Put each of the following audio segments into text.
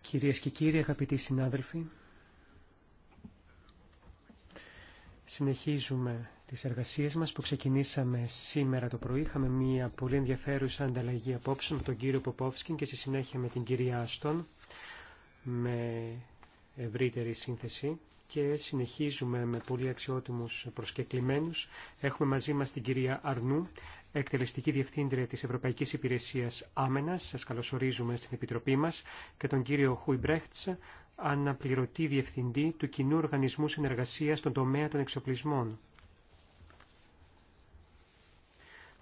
Κυρίες και κύριοι, αγαπητοί συνάδελφοι, συνεχίζουμε τις εργασίες μας που ξεκινήσαμε σήμερα το πρωί. Είχαμε μια πολύ ενδιαφέρουσα ανταλλαγή απόψε με τον κύριο Ποπόφσκιν και στη συνέχεια με την κυρία Άστον με ευρύτερη σύνθεση και συνεχίζουμε με πολύ αξιότιμους προσκεκλημένους. Έχουμε μαζί μας την κυρία Αρνού, εκτελεστική διευθύντρια της Ευρωπαϊκής Υπηρεσίας Άμενας. Σας καλωσορίζουμε στην Επιτροπή μας και τον κύριο Χουι αναπληρωτή διευθυντή του Κοινού Οργανισμού Συνεργασίας στον τομέα των εξοπλισμών.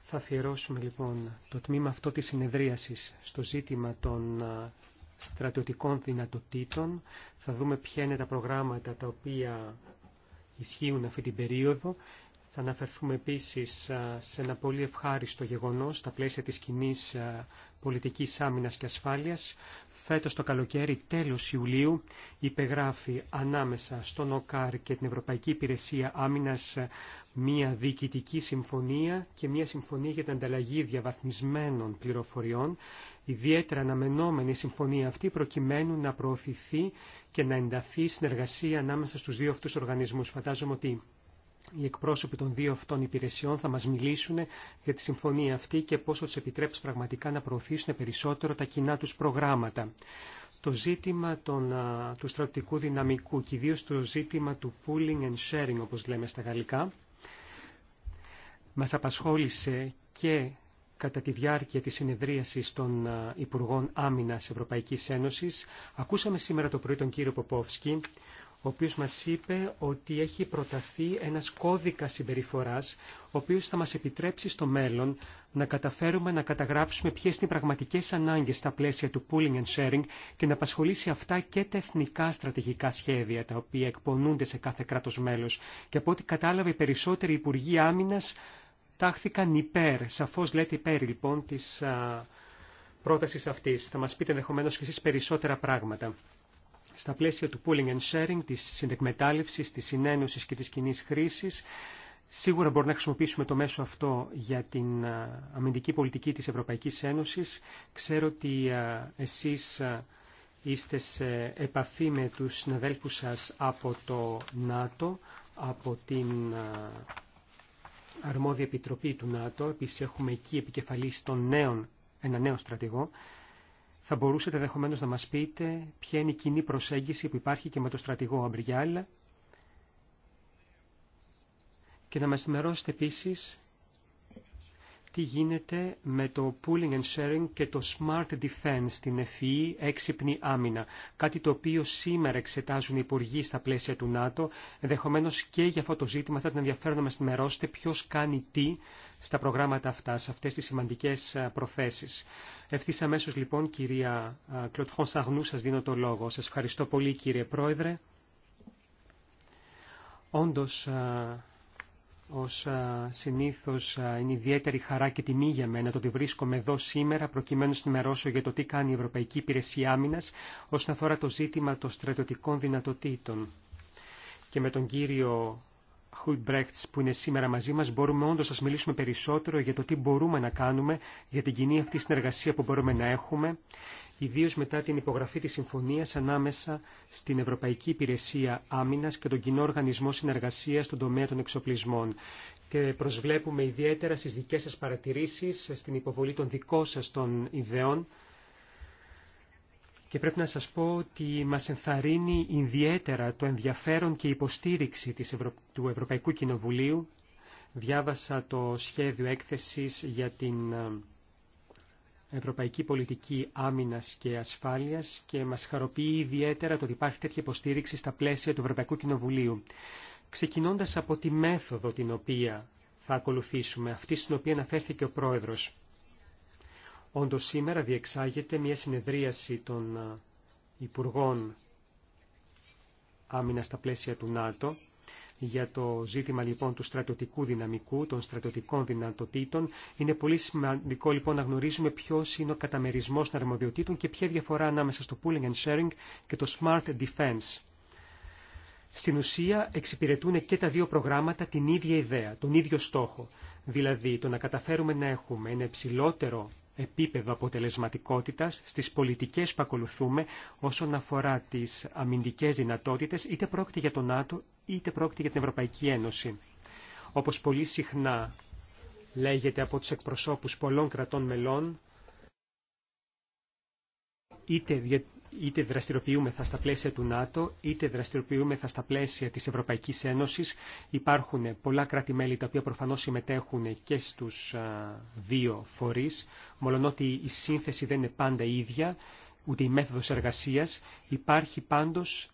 Θα αφιερώσουμε λοιπόν το τμήμα αυτό της συνεδρίασης στο ζήτημα των στρατιωτικών δυνατοτήτων. Θα δούμε ποια είναι τα προγράμματα τα οποία ισχύουν αυτή την περίοδο θα αναφερθούμε επίσης σε ένα πολύ ευχάριστο γεγονός στα πλαίσια της κοινή πολιτικής άμυνας και ασφάλειας. Φέτος το καλοκαίρι, τέλος Ιουλίου, υπεγράφει ανάμεσα στον ΟΚΑΡ και την Ευρωπαϊκή Υπηρεσία Άμυνας μία διοικητική συμφωνία και μία συμφωνία για την ανταλλαγή διαβαθμισμένων πληροφοριών, ιδιαίτερα αναμενόμενη συμφωνία αυτή προκειμένου να προωθηθεί και να ενταθεί συνεργασία ανάμεσα στους δύο αυτούς οργανισμούς. Φαντάζομαι ότι οι εκπρόσωποι των δύο αυτών υπηρεσιών θα μας μιλήσουν για τη συμφωνία αυτή και πώ θα τους επιτρέψει πραγματικά να προωθήσουν περισσότερο τα κοινά τους προγράμματα. Το ζήτημα των, του στρατιωτικού δυναμικού και ιδίω το ζήτημα του pooling and sharing, όπως λέμε στα γαλλικά, μας απασχόλησε και κατά τη διάρκεια της συνεδρίασης των Υπουργών Άμυνας Ευρωπαϊκής Ένωσης. Ακούσαμε σήμερα το πρωί τον κύριο Ποπόφσκι, ο οποίος μας είπε ότι έχει προταθεί ένας κώδικας συμπεριφοράς, ο οποίος θα μας επιτρέψει στο μέλλον να καταφέρουμε να καταγράψουμε ποιες είναι οι πραγματικές ανάγκες στα πλαίσια του pooling and sharing και να απασχολήσει αυτά και τα εθνικά στρατηγικά σχέδια, τα οποία εκπονούνται σε κάθε κράτος μέλος. Και από ό,τι κατάλαβε, οι περισσότεροι Υπουργοί Άμυνας τάχθηκαν υπέρ, σαφώς λέτε υπέρ λοιπόν της πρότασης αυτής. Θα μας πείτε ενδεχομένω και εσείς περισσότερα πράγματα στα πλαίσια του pooling and sharing, της συνδεκμετάλλευσης, της συνένωσης και της κοινή χρήσης. Σίγουρα μπορούμε να χρησιμοποιήσουμε το μέσο αυτό για την ε, αμυντική πολιτική της Ευρωπαϊκής Ένωσης. Ξέρω ότι ε, εσείς ε, είστε σε επαφή με τους συναδέλφους σας από το ΝΑΤΟ, από την αρμόδια επιτροπή του ΝΑΤΟ. Επίσης έχουμε εκεί επικεφαλής τον ένα νέο στρατηγό. Θα μπορούσατε ενδεχομένω να μας πείτε ποια είναι η κοινή προσέγγιση που υπάρχει και με το στρατηγό Αμπριγιάλ και να μας ενημερώσετε επίσης τι γίνεται με το pooling and sharing και το smart defense, την ευφυή e έξυπνη άμυνα. Κάτι το οποίο σήμερα εξετάζουν οι υπουργοί στα πλαίσια του ΝΑΤΟ. Ενδεχομένω και για αυτό το ζήτημα θα την ενδιαφέρον να μα ενημερώσετε ποιο κάνει τι στα προγράμματα αυτά, σε αυτέ τι σημαντικέ ε, προθέσει. Ευθύ αμέσω λοιπόν, κυρία Κλωτφόν Σαγνού, σα δίνω το λόγο. Σα ευχαριστώ πολύ, κύριε Πρόεδρε. Όντως, ε, όσα συνήθως είναι ιδιαίτερη χαρά και τιμή για μένα το ότι βρίσκομαι εδώ σήμερα προκειμένου να ενημερώσω για το τι κάνει η Ευρωπαϊκή Υπηρεσία Άμυνας όσον αφορά το ζήτημα των στρατιωτικών δυνατοτήτων. Και με τον κύριο Χουιμπρέχτς που είναι σήμερα μαζί μας μπορούμε όντως να μιλήσουμε περισσότερο για το τι μπορούμε να κάνουμε για την κοινή αυτή συνεργασία που μπορούμε να έχουμε ιδίω μετά την υπογραφή της συμφωνίας ανάμεσα στην Ευρωπαϊκή Υπηρεσία Άμυνας και τον Κοινό Οργανισμό Συνεργασίας στον τομέα των εξοπλισμών. Και προσβλέπουμε ιδιαίτερα στις δικές σας παρατηρήσεις, στην υποβολή των δικών σας των ιδεών. Και πρέπει να σας πω ότι μας ενθαρρύνει ιδιαίτερα το ενδιαφέρον και η υποστήριξη του Ευρωπαϊκού Κοινοβουλίου. Διάβασα το σχέδιο έκθεσης για την ε, ευρωπαϊκή πολιτική άμυνας και ασφάλειας και μας χαροποιεί ιδιαίτερα το ότι υπάρχει τέτοια υποστήριξη στα πλαίσια του Ευρωπαϊκού Κοινοβουλίου. Ξεκινώντας από τη μέθοδο την οποία θα ακολουθήσουμε, αυτή στην οποία αναφέρθηκε ο Πρόεδρος. Όντως σήμερα διεξάγεται μια συνεδρίαση των ε, Υπουργών Άμυνα στα πλαίσια του ΝΑΤΟ, για το ζήτημα λοιπόν του στρατιωτικού δυναμικού, των στρατιωτικών δυνατοτήτων. Είναι πολύ σημαντικό λοιπόν να γνωρίζουμε ποιο είναι ο καταμερισμό των αρμοδιοτήτων και ποια διαφορά ανάμεσα στο pooling and sharing και το smart defense. Στην ουσία εξυπηρετούν και τα δύο προγράμματα την ίδια ιδέα, τον ίδιο στόχο. Δηλαδή το να καταφέρουμε να έχουμε ένα υψηλότερο επίπεδο αποτελεσματικότητας στις πολιτικές που ακολουθούμε όσον αφορά τις αμυντικές δυνατότητες είτε πρόκειται για τον ΝΑΤΟ είτε πρόκειται για την Ευρωπαϊκή Ένωση. Όπως πολύ συχνά λέγεται από τους εκπροσώπους πολλών κρατών μελών, είτε, είτε δραστηριοποιούμεθα στα πλαίσια του ΝΑΤΟ, είτε δραστηριοποιούμεθα στα πλαίσια της Ευρωπαϊκής Ένωσης. Υπάρχουν πολλά κράτη-μέλη τα οποία προφανώς συμμετέχουν και στους δύο φορείς, μολονότι η σύνθεση δεν είναι πάντα ίδια, ούτε η μέθοδος εργασίας. Υπάρχει πάντως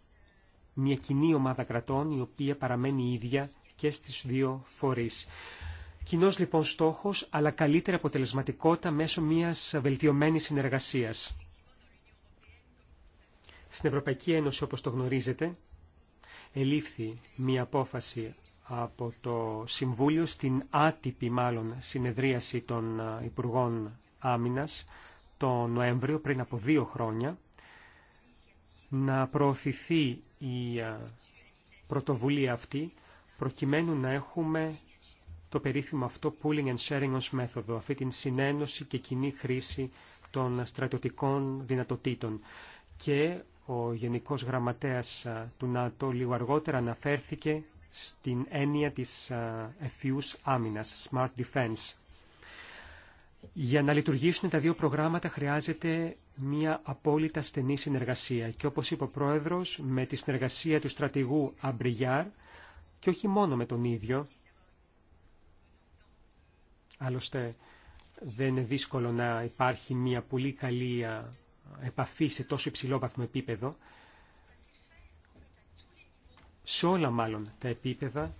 μια κοινή ομάδα κρατών η οποία παραμένει ίδια και στις δύο φορείς. Κοινός λοιπόν στόχος, αλλά καλύτερη αποτελεσματικότητα μέσω μιας βελτιωμένης συνεργασίας. Στην Ευρωπαϊκή Ένωση, όπως το γνωρίζετε, ελήφθη μια απόφαση από το Συμβούλιο στην άτυπη μάλλον συνεδρίαση των ε, Υπουργών Άμυνας το Νοέμβριο πριν από δύο χρόνια να προωθηθεί η πρωτοβουλία αυτή προκειμένου να έχουμε το περίφημο αυτό pooling and sharing ως μέθοδο, αυτή την συνένωση και κοινή χρήση των στρατιωτικών δυνατοτήτων. Και ο Γενικός Γραμματέας του ΝΑΤΟ λίγο αργότερα αναφέρθηκε στην έννοια της ευφυούς άμυνας, smart defense. Για να λειτουργήσουν τα δύο προγράμματα χρειάζεται μια απόλυτα στενή συνεργασία και όπως είπε ο Πρόεδρος με τη συνεργασία του στρατηγού Αμπριγιάρ και όχι μόνο με τον ίδιο. Άλλωστε δεν είναι δύσκολο να υπάρχει μια πολύ καλή επαφή σε τόσο υψηλό βαθμό επίπεδο. Σε όλα μάλλον τα επίπεδα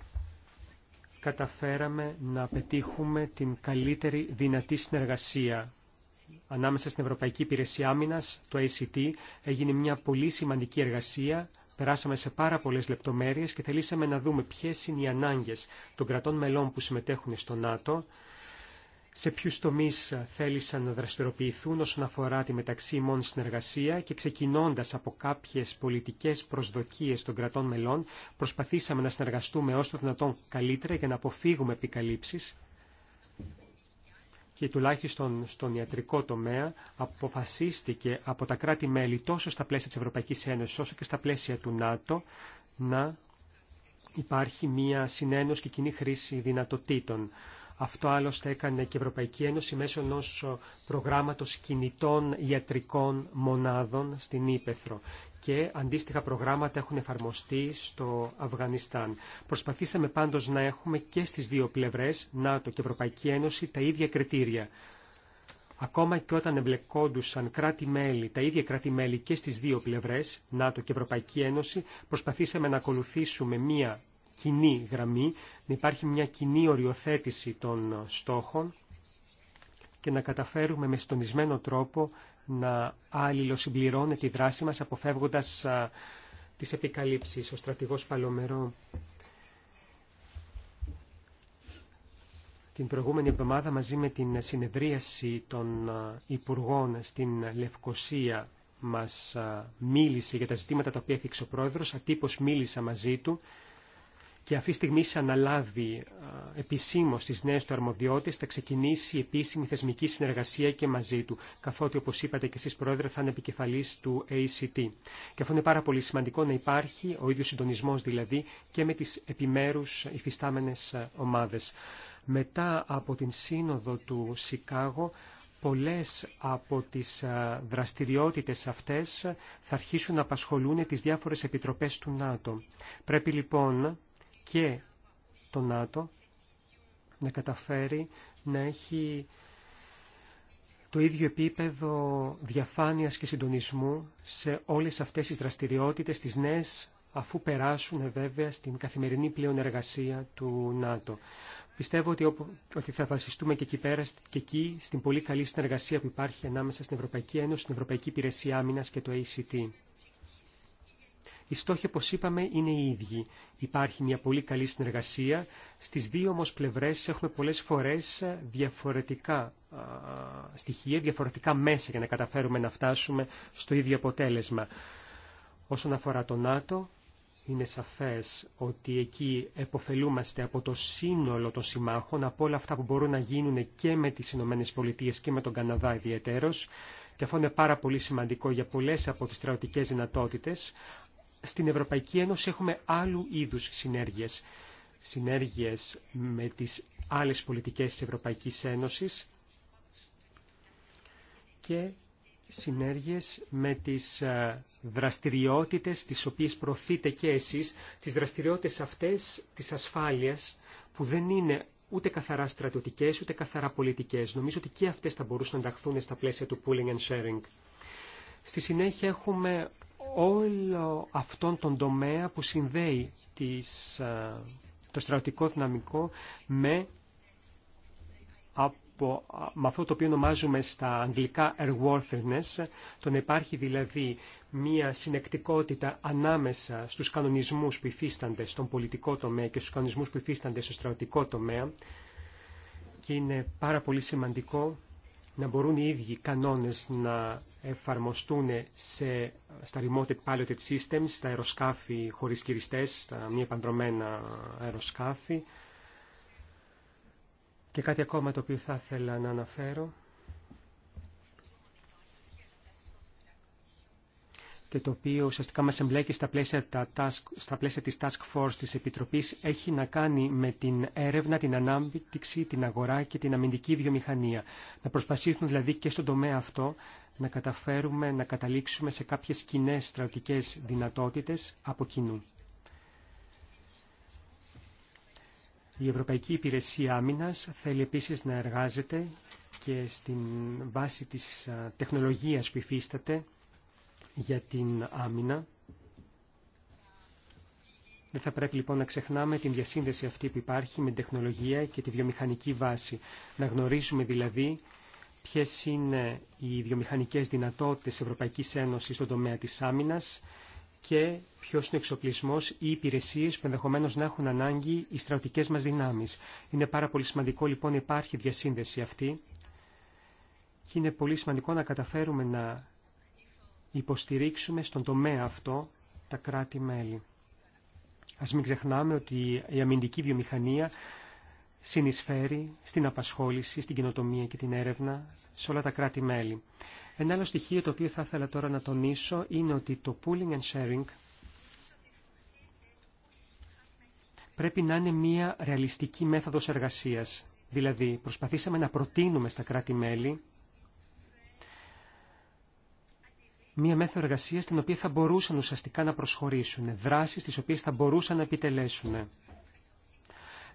καταφέραμε να πετύχουμε την καλύτερη δυνατή συνεργασία ανάμεσα στην Ευρωπαϊκή Υπηρεσία Άμυνας, το ACT, έγινε μια πολύ σημαντική εργασία. Περάσαμε σε πάρα πολλές λεπτομέρειες και θελήσαμε να δούμε ποιες είναι οι ανάγκες των κρατών μελών που συμμετέχουν στο ΝΑΤΟ σε ποιους τομείς ε, θέλησαν να δραστηριοποιηθούν όσον αφορά τη μεταξύ ημών συνεργασία και ξεκινώντας από κάποιες πολιτικές προσδοκίες των κρατών μελών προσπαθήσαμε να συνεργαστούμε όσο το δυνατόν καλύτερα για να αποφύγουμε επικαλύψεις και τουλάχιστον στον ιατρικό τομέα αποφασίστηκε από τα κράτη-μέλη τόσο στα πλαίσια της Ευρωπαϊκής Ένωσης όσο και στα πλαίσια του ΝΑΤΟ να υπάρχει μία συνένωση και κοινή χρήση δυνατοτήτων. Αυτό άλλωστε έκανε και η Ευρωπαϊκή Ένωση μέσω ενό προγράμματο κινητών ιατρικών μονάδων στην Ήπεθρο. Και αντίστοιχα προγράμματα έχουν εφαρμοστεί στο Αφγανιστάν. Προσπαθήσαμε πάντως να έχουμε και στις δύο πλευρές, ΝΑΤΟ και Ευρωπαϊκή Ένωση, τα ίδια κριτήρια. Ακόμα και όταν εμπλεκόντουσαν κράτη-μέλη, τα ίδια κράτη-μέλη και στις δύο πλευρές, ΝΑΤΟ και Ευρωπαϊκή Ένωση, προσπαθήσαμε να ακολουθήσουμε μία κοινή γραμμή, να υπάρχει μια κοινή οριοθέτηση των στόχων και να καταφέρουμε με στονισμένο τρόπο να αλληλοσυμπληρώνεται η δράση μας αποφεύγοντας α, τις επικαλύψεις. Ο στρατηγός Παλωμερό την προηγούμενη εβδομάδα μαζί με την συνεδρίαση των Υπουργών στην Λευκοσία μας μίλησε για τα ζητήματα τα οποία έφυξε ο Πρόεδρος, ατύπως μίλησα μαζί του και αυτή τη στιγμή αναλάβει επισήμω τι νέε του αρμοδιότητε, θα ξεκινήσει η επίσημη θεσμική συνεργασία και μαζί του, καθότι όπω είπατε και εσεί, Πρόεδρε, θα είναι επικεφαλή του ACT. Και αυτό είναι πάρα πολύ σημαντικό να υπάρχει ο ίδιο συντονισμό δηλαδή και με τι επιμέρου υφιστάμενε ομάδε. Μετά από την σύνοδο του Σικάγο, πολλές από τις δραστηριότητες αυτές θα αρχίσουν να απασχολούν τις διάφορες επιτροπές του ΝΑΤΟ. Πρέπει λοιπόν και το ΝΑΤΟ να καταφέρει να έχει το ίδιο επίπεδο διαφάνειας και συντονισμού σε όλες αυτές τις δραστηριότητες, τις νέες, αφού περάσουν βέβαια στην καθημερινή πλέον εργασία του ΝΑΤΟ. Πιστεύω ότι, θα βασιστούμε και εκεί πέρα και εκεί στην πολύ καλή συνεργασία που υπάρχει ανάμεσα στην Ευρωπαϊκή Ένωση, στην Ευρωπαϊκή Υπηρεσία Άμυνας και το ACT. Οι στόχοι, όπω είπαμε, είναι οι ίδιοι. Υπάρχει μια πολύ καλή συνεργασία. Στι δύο όμω πλευρέ, έχουμε πολλέ φορέ ε, διαφορετικά στοιχεία, διαφορετικά μέσα για να καταφέρουμε να φτάσουμε στο ίδιο αποτέλεσμα. Όσον αφορά το ΝΑΤΟ, είναι σαφές ότι εκεί εποφελούμαστε από το σύνολο των συμμάχων, από όλα αυτά που μπορούν να γίνουν και με τις ΗΠΑ και με τον Καναδά ιδιαίτερος. Και αυτό είναι πάρα πολύ σημαντικό για πολλές από τις στρατιωτικές δυνατότητες, στην Ευρωπαϊκή Ένωση έχουμε άλλου είδους συνέργειες. Συνέργειες με τις άλλες πολιτικές της Ευρωπαϊκής Ένωσης και συνέργειες με τις ε, δραστηριότητες τις οποίες προωθείτε και εσείς, τις δραστηριότητες αυτές της ασφάλειας που δεν είναι ούτε καθαρά στρατιωτικές ούτε καθαρά πολιτικές. Νομίζω ότι και αυτές θα μπορούσαν να ενταχθούν στα πλαίσια του pooling and sharing. Στη συνέχεια έχουμε όλο αυτόν τον τομέα που συνδέει τις, το στρατιωτικό δυναμικό με, από, με αυτό το οποίο ονομάζουμε στα αγγλικά airworthiness, τον υπάρχει δηλαδή μία συνεκτικότητα ανάμεσα στους κανονισμούς που υφίστανται στον πολιτικό τομέα και στους κανονισμούς που υφίστανται στο στρατιωτικό τομέα και είναι πάρα πολύ σημαντικό να μπορούν οι ίδιοι κανόνες να εφαρμοστούν σε, στα remote piloted systems, στα αεροσκάφη χωρίς κυριστές, στα μη επανδρομένα αεροσκάφη. Και κάτι ακόμα το οποίο θα ήθελα να αναφέρω και το οποίο ουσιαστικά μας εμπλέκει στα πλαίσια, τα task, στα πλαίσια της Task Force της Επιτροπής έχει να κάνει με την έρευνα, την ανάπτυξη, την αγορά και την αμυντική βιομηχανία. Να προσπαθήσουμε δηλαδή και στον τομέα αυτό να καταφέρουμε να καταλήξουμε σε κάποιες κοινέ στρατικές δυνατότητες από κοινού. Η Ευρωπαϊκή Υπηρεσία Άμυνας θέλει επίσης να εργάζεται και στην βάση της τεχνολογίας που υφίσταται για την άμυνα. Δεν θα πρέπει λοιπόν να ξεχνάμε την διασύνδεση αυτή που υπάρχει με την τεχνολογία και τη βιομηχανική βάση. Να γνωρίζουμε δηλαδή ποιες είναι οι βιομηχανικές δυνατότητες Ευρωπαϊκής Ένωσης στον τομέα της άμυνας και ποιος είναι ο εξοπλισμός ή οι υπηρεσίες που ενδεχομένως να έχουν ανάγκη οι στρατικές μας δυνάμεις. Είναι πάρα πολύ σημαντικό λοιπόν να υπάρχει διασύνδεση αυτή και είναι πολύ σημαντικό να καταφέρουμε να υποστηρίξουμε στον τομέα αυτό τα κράτη-μέλη. Ας μην ξεχνάμε ότι η αμυντική βιομηχανία συνεισφέρει στην απασχόληση, στην κοινοτομία και την έρευνα σε όλα τα κράτη-μέλη. Ένα άλλο στοιχείο το οποίο θα ήθελα τώρα να τονίσω είναι ότι το pooling and sharing πρέπει να είναι μια ρεαλιστική μέθοδος εργασίας. Δηλαδή, προσπαθήσαμε να προτείνουμε στα κράτη-μέλη μία μέθοδο εργασία στην οποία θα μπορούσαν ουσιαστικά να προσχωρήσουν, δράσεις τις οποίες θα μπορούσαν να επιτελέσουν.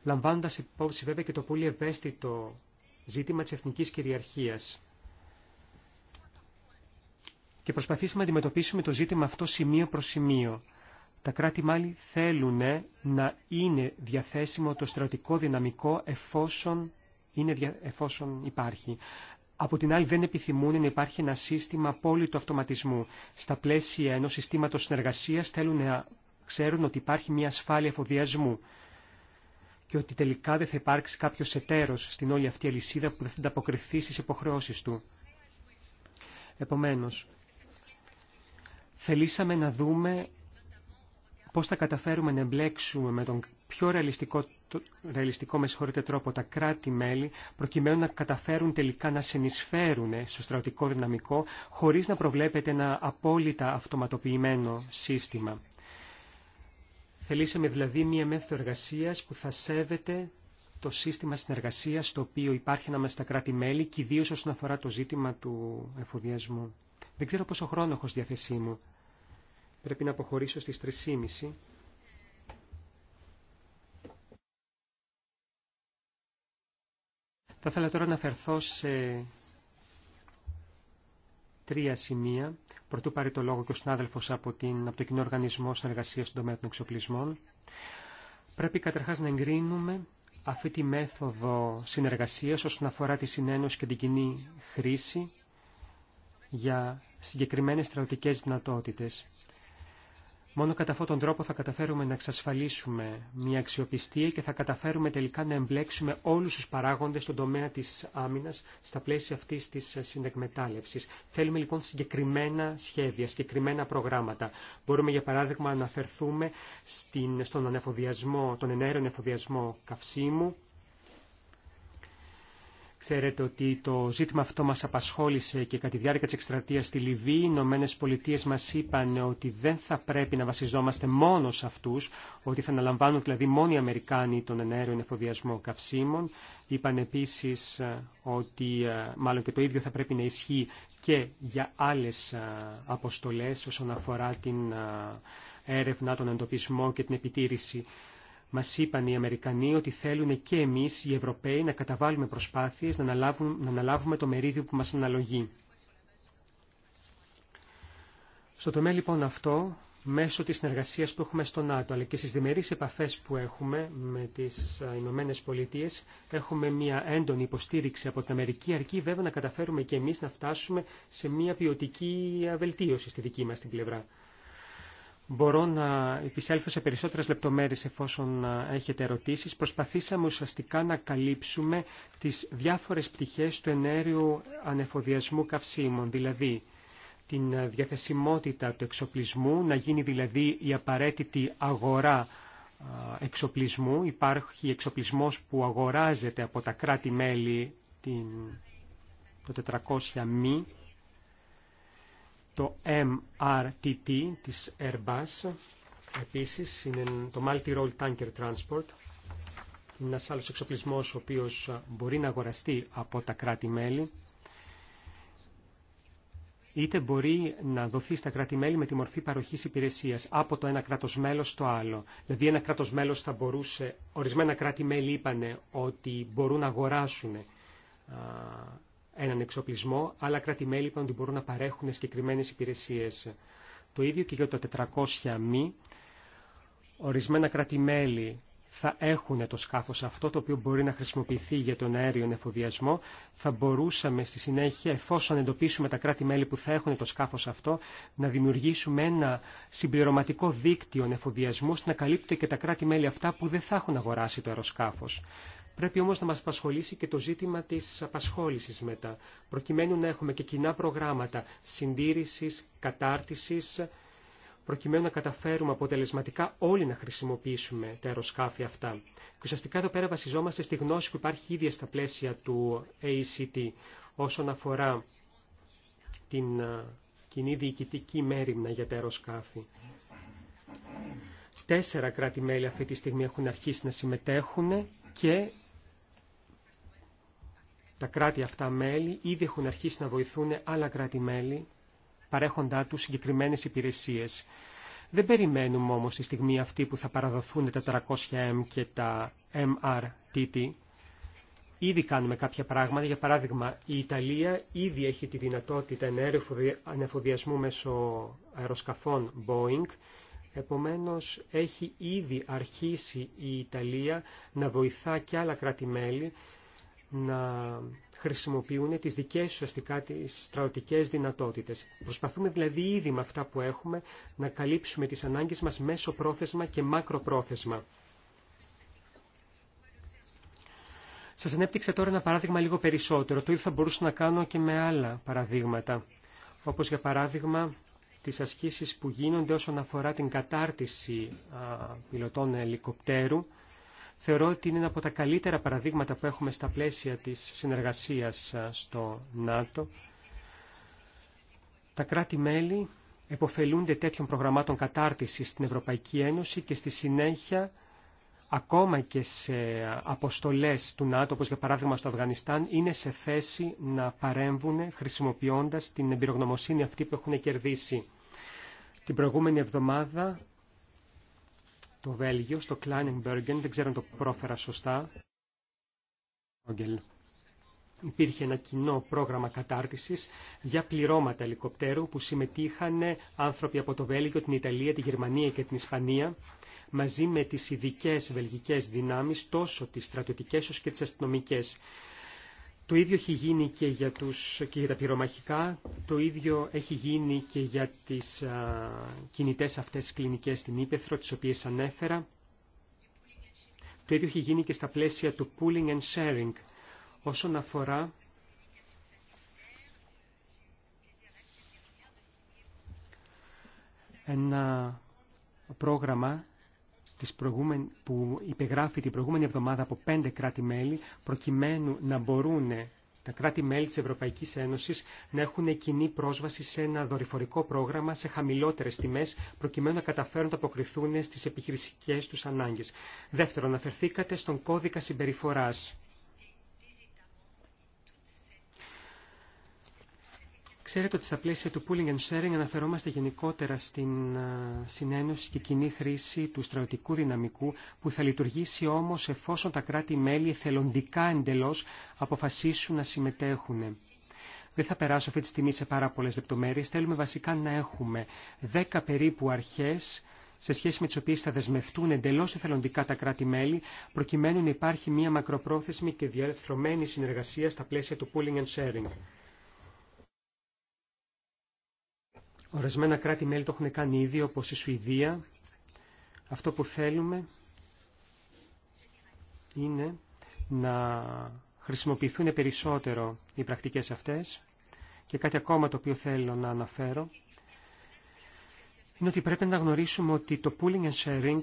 Λαμβάνοντας υπόψη βέβαια και το πολύ ευαίσθητο ζήτημα της εθνικής κυριαρχίας. Και προσπαθήσαμε να αντιμετωπίσουμε το ζήτημα αυτό σημείο προς σημείο. Τα κράτη μάλι θέλουν να είναι διαθέσιμο το στρατικό δυναμικό εφόσον, εφόσον υπάρχει από την άλλη δεν επιθυμούν να υπάρχει ένα σύστημα απόλυτο αυτοματισμού. Στα πλαίσια ενό συστήματο συνεργασίας θέλουν να ξέρουν ότι υπάρχει μια ασφάλεια εφοδιασμού και ότι τελικά δεν θα υπάρξει κάποιος εταίρο στην όλη αυτή η αλυσίδα που δεν θα ανταποκριθεί στις υποχρεώσει του. Επομένως, θελήσαμε να δούμε πώς θα καταφέρουμε να εμπλέξουμε με τον πιο ρεαλιστικό, ρεαλιστικό με τρόπο τα κράτη-μέλη, προκειμένου να καταφέρουν τελικά να συνεισφέρουν στο στρατιωτικό δυναμικό, χωρίς να προβλέπεται ένα απόλυτα αυτοματοποιημένο σύστημα. Θελήσαμε δηλαδή μία μέθοδο εργασία που θα σέβεται το σύστημα συνεργασία στο οποίο υπάρχει ανάμεσα στα κράτη-μέλη και ιδίω όσον αφορά το ζήτημα του εφοδιασμού. Δεν ξέρω πόσο χρόνο έχω στη διάθεσή μου. Πρέπει να αποχωρήσω στις 3.30. Θα ήθελα τώρα να αφαιρθώ σε τρία σημεία. Πρωτού πάρει το λόγο και ο συνάδελφος από, την, από το Κοινό Οργανισμό Συνεργασίας στον τομέα των εξοπλισμών. Πρέπει καταρχάς να εγκρίνουμε αυτή τη μέθοδο συνεργασίας όσον αφορά τη συνένωση και την κοινή χρήση για συγκεκριμένες στρατιωτικές δυνατότητες. Μόνο κατά αυτόν τον τρόπο θα καταφέρουμε να εξασφαλίσουμε μια αξιοπιστία και θα καταφέρουμε τελικά να εμπλέξουμε όλους τους παράγοντες στον τομέα της άμυνας στα πλαίσια αυτής της συνεκμετάλλευσης. Θέλουμε λοιπόν συγκεκριμένα σχέδια, συγκεκριμένα προγράμματα. Μπορούμε για παράδειγμα να αναφερθούμε στον ανεφοδιασμό, τον εφοδιασμό καυσίμου, Ξέρετε ότι το ζήτημα αυτό μας απασχόλησε και κατά τη διάρκεια της εκστρατείας στη Λιβύη. Οι Ηνωμένε Πολιτείε μας είπαν ότι δεν θα πρέπει να βασιζόμαστε μόνο σε αυτούς, ότι θα αναλαμβάνουν δηλαδή μόνο οι Αμερικάνοι τον ενέργειο εφοδιασμό καυσίμων. Είπαν επίσης ε, ότι ε, μάλλον και το ίδιο θα πρέπει να ισχύει και για άλλες ε, αποστολές όσον αφορά την έρευνα, τον εντοπισμό και την επιτήρηση μας είπαν οι Αμερικανοί ότι θέλουν και εμείς οι Ευρωπαίοι να καταβάλουμε προσπάθειες, να αναλάβουμε, το μερίδιο που μας αναλογεί. Στο τομέα λοιπόν αυτό, μέσω της συνεργασίας που έχουμε στο ΝΑΤΟ, αλλά και στις διμερείς επαφές που έχουμε με τις Ηνωμένε Πολιτείε, έχουμε μια έντονη υποστήριξη από την Αμερική, αρκεί βέβαια να καταφέρουμε και εμείς να φτάσουμε σε μια ποιοτική βελτίωση στη δική μας την πλευρά. Μπορώ να επισέλθω σε περισσότερες λεπτομέρειες εφόσον έχετε ερωτήσεις. Προσπαθήσαμε ουσιαστικά να καλύψουμε τις διάφορες πτυχές του ενέργειου ανεφοδιασμού καυσίμων, δηλαδή την διαθεσιμότητα του εξοπλισμού, να γίνει δηλαδή η απαραίτητη αγορά εξοπλισμού. Υπάρχει εξοπλισμός που αγοράζεται από τα κράτη-μέλη το 400 μη το MRTT της Airbus, επίσης είναι το Multi Role Tanker Transport, είναι ένας άλλος εξοπλισμός ο οποίος μπορεί να αγοραστεί από τα κράτη-μέλη, είτε μπορεί να δοθεί στα κράτη-μέλη με τη μορφή παροχής υπηρεσίας από το ένα κράτος μέλος στο άλλο. Δηλαδή ένα κράτος μέλος θα μπορούσε, ορισμένα κράτη-μέλη είπανε ότι μπορούν να αγοράσουν έναν εξοπλισμό, άλλα κράτη-μέλη είπαν ότι μπορούν να παρέχουν συγκεκριμένε υπηρεσίε. Το ίδιο και για το 400 μη. Ορισμένα κράτη-μέλη θα έχουν το σκάφος αυτό, το οποίο μπορεί να χρησιμοποιηθεί για τον αέριο εφοδιασμό. Θα μπορούσαμε στη συνέχεια, εφόσον εντοπίσουμε τα κράτη-μέλη που θα έχουν το σκάφος αυτό, να δημιουργήσουμε ένα συμπληρωματικό δίκτυο εφοδιασμού, να καλύπτει και τα κράτη-μέλη αυτά που δεν θα έχουν αγοράσει το αεροσκάφο. Πρέπει όμως να μας απασχολήσει και το ζήτημα της απασχόλησης μετά, προκειμένου να έχουμε και κοινά προγράμματα συντήρησης, κατάρτισης, προκειμένου να καταφέρουμε αποτελεσματικά όλοι να χρησιμοποιήσουμε τα αεροσκάφη αυτά. Και ουσιαστικά εδώ πέρα βασιζόμαστε στη γνώση που υπάρχει ήδη στα πλαίσια του ACT όσον αφορά την ε, κοινή διοικητική μέρημνα για τα αεροσκάφη. Τέσσερα κράτη-μέλη αυτή τη στιγμή έχουν αρχίσει να συμμετέχουν και τα κράτη αυτά μέλη ήδη έχουν αρχίσει να βοηθούν άλλα κράτη-μέλη, παρέχοντά τους συγκεκριμένες υπηρεσίες. Δεν περιμένουμε όμως τη στιγμή αυτή που θα παραδοθούν τα 400M και τα MRTT. Ήδη κάνουμε κάποια πράγματα. Για παράδειγμα, η Ιταλία ήδη έχει τη δυνατότητα ανεφοδιασμού μέσω αεροσκαφών Boeing. Επομένως, έχει ήδη αρχίσει η Ιταλία να βοηθά και άλλα κράτη-μέλη να χρησιμοποιούν τις δικές ουσιαστικά τις στρατιωτικές δυνατότητες. Προσπαθούμε δηλαδή ήδη με αυτά που έχουμε να καλύψουμε τις ανάγκες μας μέσω πρόθεσμα και μακροπρόθεσμα. Σας ανέπτυξα τώρα ένα παράδειγμα λίγο περισσότερο. Το ίδιο θα μπορούσα να κάνω και με άλλα παραδείγματα. Όπως για παράδειγμα τις ασκήσεις που γίνονται όσον αφορά την κατάρτιση πιλωτών ελικοπτέρου θεωρώ ότι είναι ένα από τα καλύτερα παραδείγματα που έχουμε στα πλαίσια της συνεργασίας στο ΝΑΤΟ. Τα κράτη-μέλη εποφελούνται τέτοιων προγραμμάτων κατάρτισης στην Ευρωπαϊκή Ένωση και στη συνέχεια ακόμα και σε αποστολές του ΝΑΤΟ, όπως για παράδειγμα στο Αφγανιστάν, είναι σε θέση να παρέμβουν χρησιμοποιώντας την εμπειρογνωμοσύνη αυτή που έχουν κερδίσει. Την προηγούμενη εβδομάδα το Βέλγιο, στο Κλάνιμπεργκεν, δεν ξέρω αν το πρόφερα σωστά, υπήρχε ένα κοινό πρόγραμμα κατάρτισης για πληρώματα ελικοπτέρου που συμμετείχαν άνθρωποι από το Βέλγιο, την Ιταλία, τη Γερμανία και την Ισπανία μαζί με τις ειδικές βελγικές δυνάμεις, τόσο τις στρατιωτικές όσο και τις αστυνομικές. Το ίδιο έχει γίνει και για, τους, και για τα πυρομαχικά, το ίδιο έχει γίνει και για τις α, κινητές αυτές κλινικές στην Ήπεθρο, τις οποίες ανέφερα. Το ίδιο έχει γίνει και στα πλαίσια του pooling and sharing. Όσον αφορά ένα πρόγραμμα της που υπεγράφει την προηγούμενη εβδομάδα από πέντε κράτη-μέλη, προκειμένου να μπορούν τα κράτη-μέλη της Ευρωπαϊκής Ένωσης να έχουν κοινή πρόσβαση σε ένα δορυφορικό πρόγραμμα σε χαμηλότερες τιμές, προκειμένου να καταφέρουν να αποκριθούν στις επιχειρησικές τους ανάγκες. Δεύτερον, αναφερθήκατε στον κώδικα συμπεριφοράς. Ξέρετε ότι στα πλαίσια του pooling and sharing αναφερόμαστε γενικότερα στην συνένωση και κοινή χρήση του στρατιωτικού δυναμικού που θα λειτουργήσει όμως εφόσον τα κράτη-μέλη εθελοντικά εντελώς αποφασίσουν να συμμετέχουν. Δεν θα περάσω αυτή τη στιγμή σε πάρα πολλέ λεπτομέρειε. Θέλουμε βασικά να έχουμε 10 περίπου αρχές σε σχέση με τις οποίες θα δεσμευτούν εντελώ εθελοντικά τα κράτη-μέλη, προκειμένου να υπάρχει μια μακροπρόθεσμη και διαρθρωμένη συνεργασία στα πλαίσια του pooling and sharing. Ορισμένα κράτη-μέλη το έχουν κάνει ήδη, όπως η Σουηδία. Αυτό που θέλουμε είναι να χρησιμοποιηθούν περισσότερο οι πρακτικές αυτές και κάτι ακόμα το οποίο θέλω να αναφέρω είναι ότι πρέπει να γνωρίσουμε ότι το pooling and sharing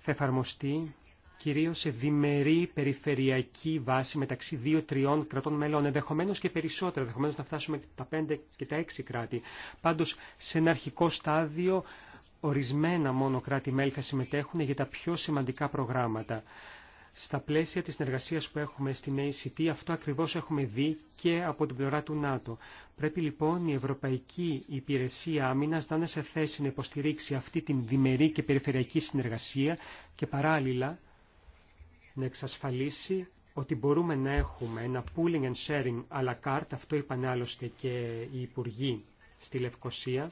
θα εφαρμοστεί κυρίως σε διμερή περιφερειακή βάση μεταξύ δύο-τριών κρατών μελών, ενδεχομένως και περισσότερα, ενδεχομένως να φτάσουμε τα πέντε και τα έξι κράτη. Πάντως, σε ένα αρχικό στάδιο, ορισμένα μόνο κράτη-μέλη θα συμμετέχουν για τα πιο σημαντικά προγράμματα. Στα πλαίσια της συνεργασίας που έχουμε στην ACT, αυτό ακριβώς έχουμε δει και από την πλευρά του ΝΑΤΟ. Πρέπει λοιπόν η Ευρωπαϊκή Υπηρεσία Άμυνας να είναι σε θέση να υποστηρίξει αυτή την διμερή και περιφερειακή συνεργασία και παράλληλα να εξασφαλίσει ότι μπορούμε να έχουμε ένα pooling and sharing à la carte, αυτό είπαν άλλωστε και οι υπουργοί στη Λευκοσία,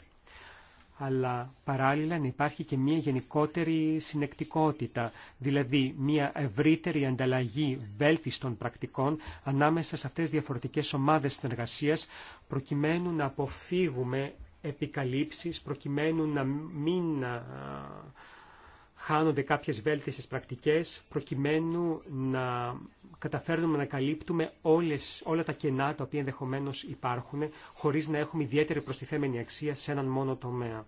αλλά παράλληλα να υπάρχει και μια γενικότερη συνεκτικότητα, δηλαδή μια ευρύτερη ανταλλαγή βέλτιστων πρακτικών ανάμεσα σε αυτές τις διαφορετικές ομάδες συνεργασίας, προκειμένου να αποφύγουμε επικαλύψεις, προκειμένου να μην χάνονται κάποιες βέλτιστες πρακτικές προκειμένου να καταφέρνουμε να καλύπτουμε όλες, όλα τα κενά τα οποία ενδεχομένως υπάρχουν χωρίς να έχουμε ιδιαίτερη προστιθέμενη αξία σε έναν μόνο τομέα.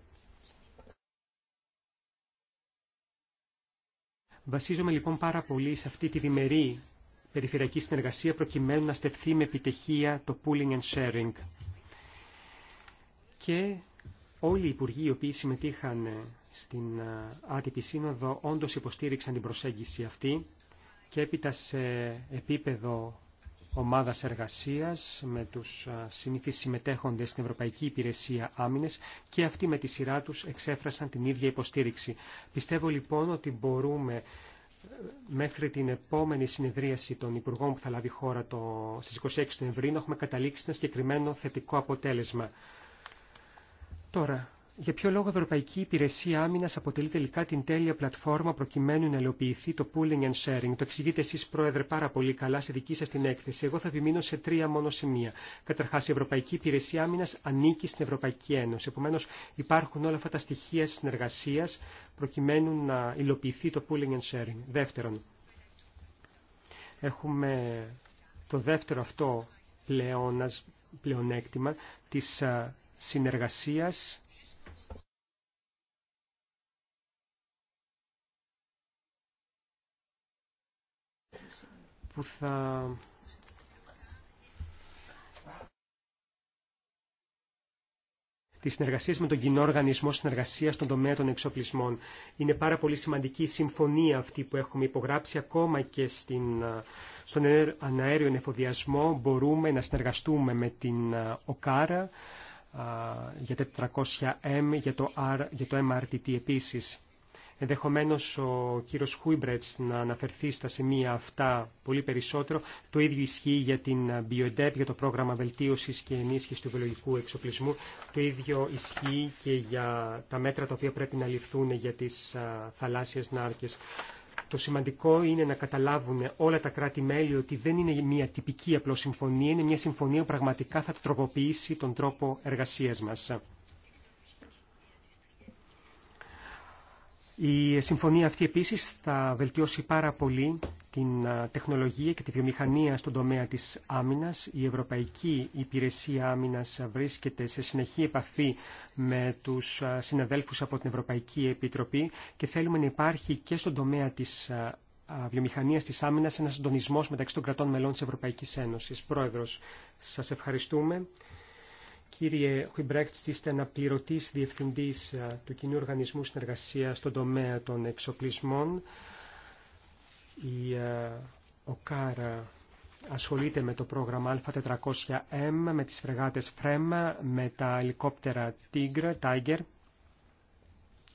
Βασίζομαι λοιπόν πάρα πολύ σε αυτή τη διμερή περιφερειακή συνεργασία προκειμένου να στεφθεί με επιτυχία το pooling and sharing. Και Όλοι οι υπουργοί οι οποίοι συμμετείχαν ε, στην ε, άτυπη σύνοδο όντως υποστήριξαν την προσέγγιση αυτή και έπειτα σε επίπεδο ομάδας εργασίας με τους ε, συνήθεις συμμετέχοντες στην Ευρωπαϊκή Υπηρεσία Άμυνες και αυτοί με τη σειρά τους εξέφρασαν την ίδια υποστήριξη. Πιστεύω λοιπόν ότι μπορούμε μέχρι την επόμενη συνεδρίαση των Υπουργών που θα λάβει η χώρα το... στις 26 Νοεμβρίου να έχουμε καταλήξει ένα συγκεκριμένο θετικό αποτέλεσμα. Τώρα, για ποιο λόγο η Ευρωπαϊκή Υπηρεσία Άμυνα αποτελεί τελικά την τέλεια πλατφόρμα προκειμένου να ελοποιηθεί το pooling and sharing. Το εξηγείτε εσεί, Πρόεδρε, πάρα πολύ καλά στη δική σα την έκθεση. Εγώ θα επιμείνω σε τρία μόνο σημεία. Καταρχά, η Ευρωπαϊκή Υπηρεσία Άμυνα ανήκει στην Ευρωπαϊκή Ένωση. Επομένω, υπάρχουν όλα αυτά τα στοιχεία συνεργασία προκειμένου να υλοποιηθεί το pooling and sharing. Δεύτερον, έχουμε το δεύτερο αυτό πλεονέκτημα της συνεργασίας που θα τη συνεργασία με τον κοινό οργανισμό συνεργασία στον τομέα των εξοπλισμών. Είναι πάρα πολύ σημαντική η συμφωνία αυτή που έχουμε υπογράψει ακόμα και στην, στον αναέριο εφοδιασμό. Μπορούμε να συνεργαστούμε με την ε, ΟΚΑΡΑ για 400M για το, R, για το MRTT επίσης. Ενδεχομένως ο κύριος Χούιμπρετς να αναφερθεί στα σημεία αυτά πολύ περισσότερο. Το ίδιο ισχύει για την BioDep, για το πρόγραμμα βελτίωσης και ενίσχυσης του βιολογικού εξοπλισμού. Το ίδιο ισχύει και για τα μέτρα τα οποία πρέπει να ληφθούν για τις θαλάσσιες νάρκες. Το σημαντικό είναι να καταλάβουν όλα τα κράτη-μέλη ότι δεν είναι μια τυπική απλώς συμφωνία, είναι μια συμφωνία που πραγματικά θα τροποποιήσει τον τρόπο εργασίας μας. Η συμφωνία αυτή επίσης θα βελτιώσει πάρα πολύ την τεχνολογία και τη βιομηχανία στον τομέα της άμυνας. Η Ευρωπαϊκή Υπηρεσία Άμυνας βρίσκεται σε συνεχή επαφή με τους συναδέλφους από την Ευρωπαϊκή Επιτροπή και θέλουμε να υπάρχει και στον τομέα της βιομηχανίας της άμυνας ένας συντονισμό μεταξύ των κρατών μελών τη Ευρωπαϊκή Ένωση. Πρόεδρο, σα ευχαριστούμε. Κύριε Χουιμπρέκτς, είστε αναπληρωτή Διευθυντή ε, του Κοινού Οργανισμού συνεργασία στον τομέα των εξοπλισμών. Η ε, ΟΚΑΡΑ ασχολείται με το πρόγραμμα Α400M, με τι φρεγάτες ΦΡΕΜ, με τα ελικόπτερα ΤΙΓΡ, Tiger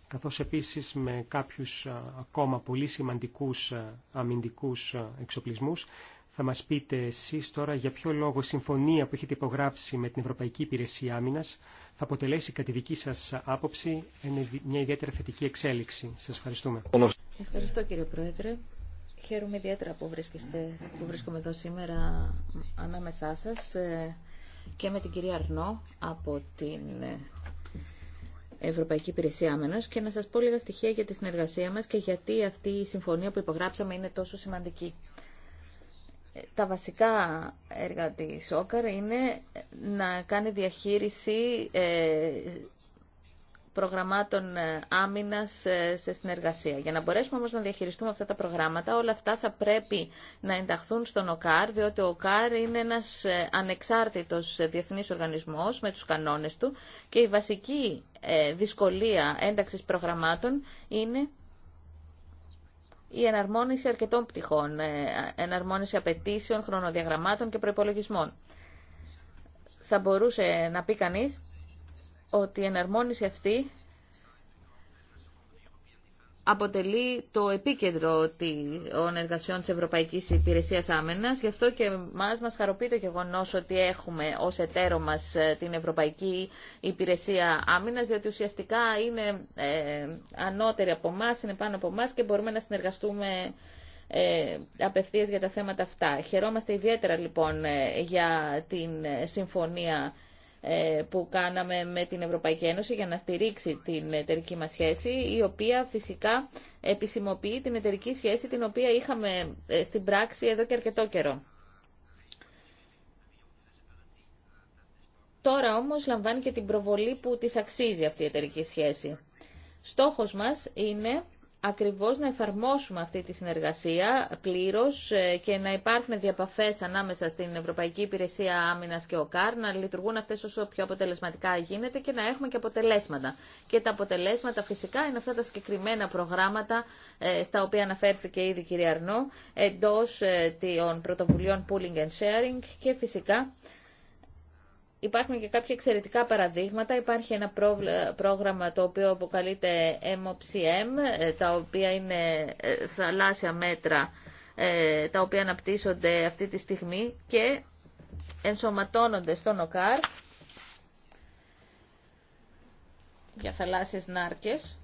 καθώς επίσης με κάποιους ε, ακόμα πολύ σημαντικούς αμυντικούς εξοπλισμούς θα μας πείτε εσείς τώρα για ποιο λόγο η συμφωνία που έχετε υπογράψει με την Ευρωπαϊκή Υπηρεσία Άμυνας θα αποτελέσει κατά τη δική σας άποψη μια ιδιαίτερα θετική εξέλιξη. Σας ευχαριστούμε. Ευχαριστώ κύριε Πρόεδρε. Χαίρομαι ιδιαίτερα που, βρίσκεστε, που βρίσκομαι εδώ σήμερα ανάμεσά σας ε, και με την κυρία Αρνό από την Ευρωπαϊκή Υπηρεσία Άμενος και να σας πω λίγα στοιχεία για τη συνεργασία μα και γιατί αυτή η συμφωνία που υπογράψαμε είναι τόσο σημαντική τα βασικά έργα της ΟΚΑΡ είναι να κάνει διαχείριση ε, προγραμμάτων ε, άμυνας ε, σε συνεργασία. Για να μπορέσουμε όμως να διαχειριστούμε αυτά τα προγράμματα, όλα αυτά θα πρέπει να ενταχθούν στον ΟΚΑΡ, διότι ο ΟΚΑΡ είναι ένας ανεξάρτητος διεθνής οργανισμός με τους κανόνες του και η βασική δυσκολία ένταξης προγραμμάτων είναι η εναρμόνιση αρκετών πτυχών, ε, εναρμόνιση απαιτήσεων, χρονοδιαγραμμάτων και προπολογισμών. Θα μπορούσε να πει κανείς ότι η εναρμόνιση αυτή αποτελεί το επίκεντρο των εργασιών της Ευρωπαϊκής Υπηρεσίας Άμενας. Γι' αυτό και μας, μας χαροποιεί το γεγονός ότι έχουμε ως εταίρο μας ε, την Ευρωπαϊκή Υπηρεσία Άμυνας, διότι ουσιαστικά είναι ε, ανώτερη από εμά, είναι πάνω από εμά και μπορούμε να συνεργαστούμε ε, απευθείας για τα θέματα αυτά. Χαιρόμαστε ιδιαίτερα λοιπόν ε, για την ε, συμφωνία ε, που κάναμε με την Ευρωπαϊκή Ένωση για να στηρίξει την εταιρική μας σχέση, η οποία φυσικά επισημοποιεί την εταιρική σχέση την οποία είχαμε ε, στην πράξη εδώ και αρκετό καιρό. Τώρα όμως λαμβάνει και την προβολή που της αξίζει αυτή η εταιρική σχέση. Στόχος μας είναι ακριβώς να εφαρμόσουμε αυτή τη συνεργασία πλήρως ε, και να υπάρχουν διαπαφές ανάμεσα στην Ευρωπαϊκή Υπηρεσία Άμυνας και ο ΚΑΡ, να λειτουργούν αυτές όσο πιο αποτελεσματικά γίνεται και να έχουμε και αποτελέσματα. Και τα αποτελέσματα φυσικά είναι αυτά τα συγκεκριμένα προγράμματα ε, στα οποία αναφέρθηκε ήδη η κυρία Αρνό, εντός ε, των πρωτοβουλειών pooling and sharing και φυσικά Υπάρχουν και κάποια εξαιρετικά παραδείγματα. Υπάρχει ένα πρόγραμμα το οποίο αποκαλείται MOPCM, ε, τα οποία είναι ε, θαλάσσια μέτρα, ε, τα οποία αναπτύσσονται αυτή τη στιγμή και ενσωματώνονται στο ΝΟΚΑΡ για θαλάσσιες νάρκες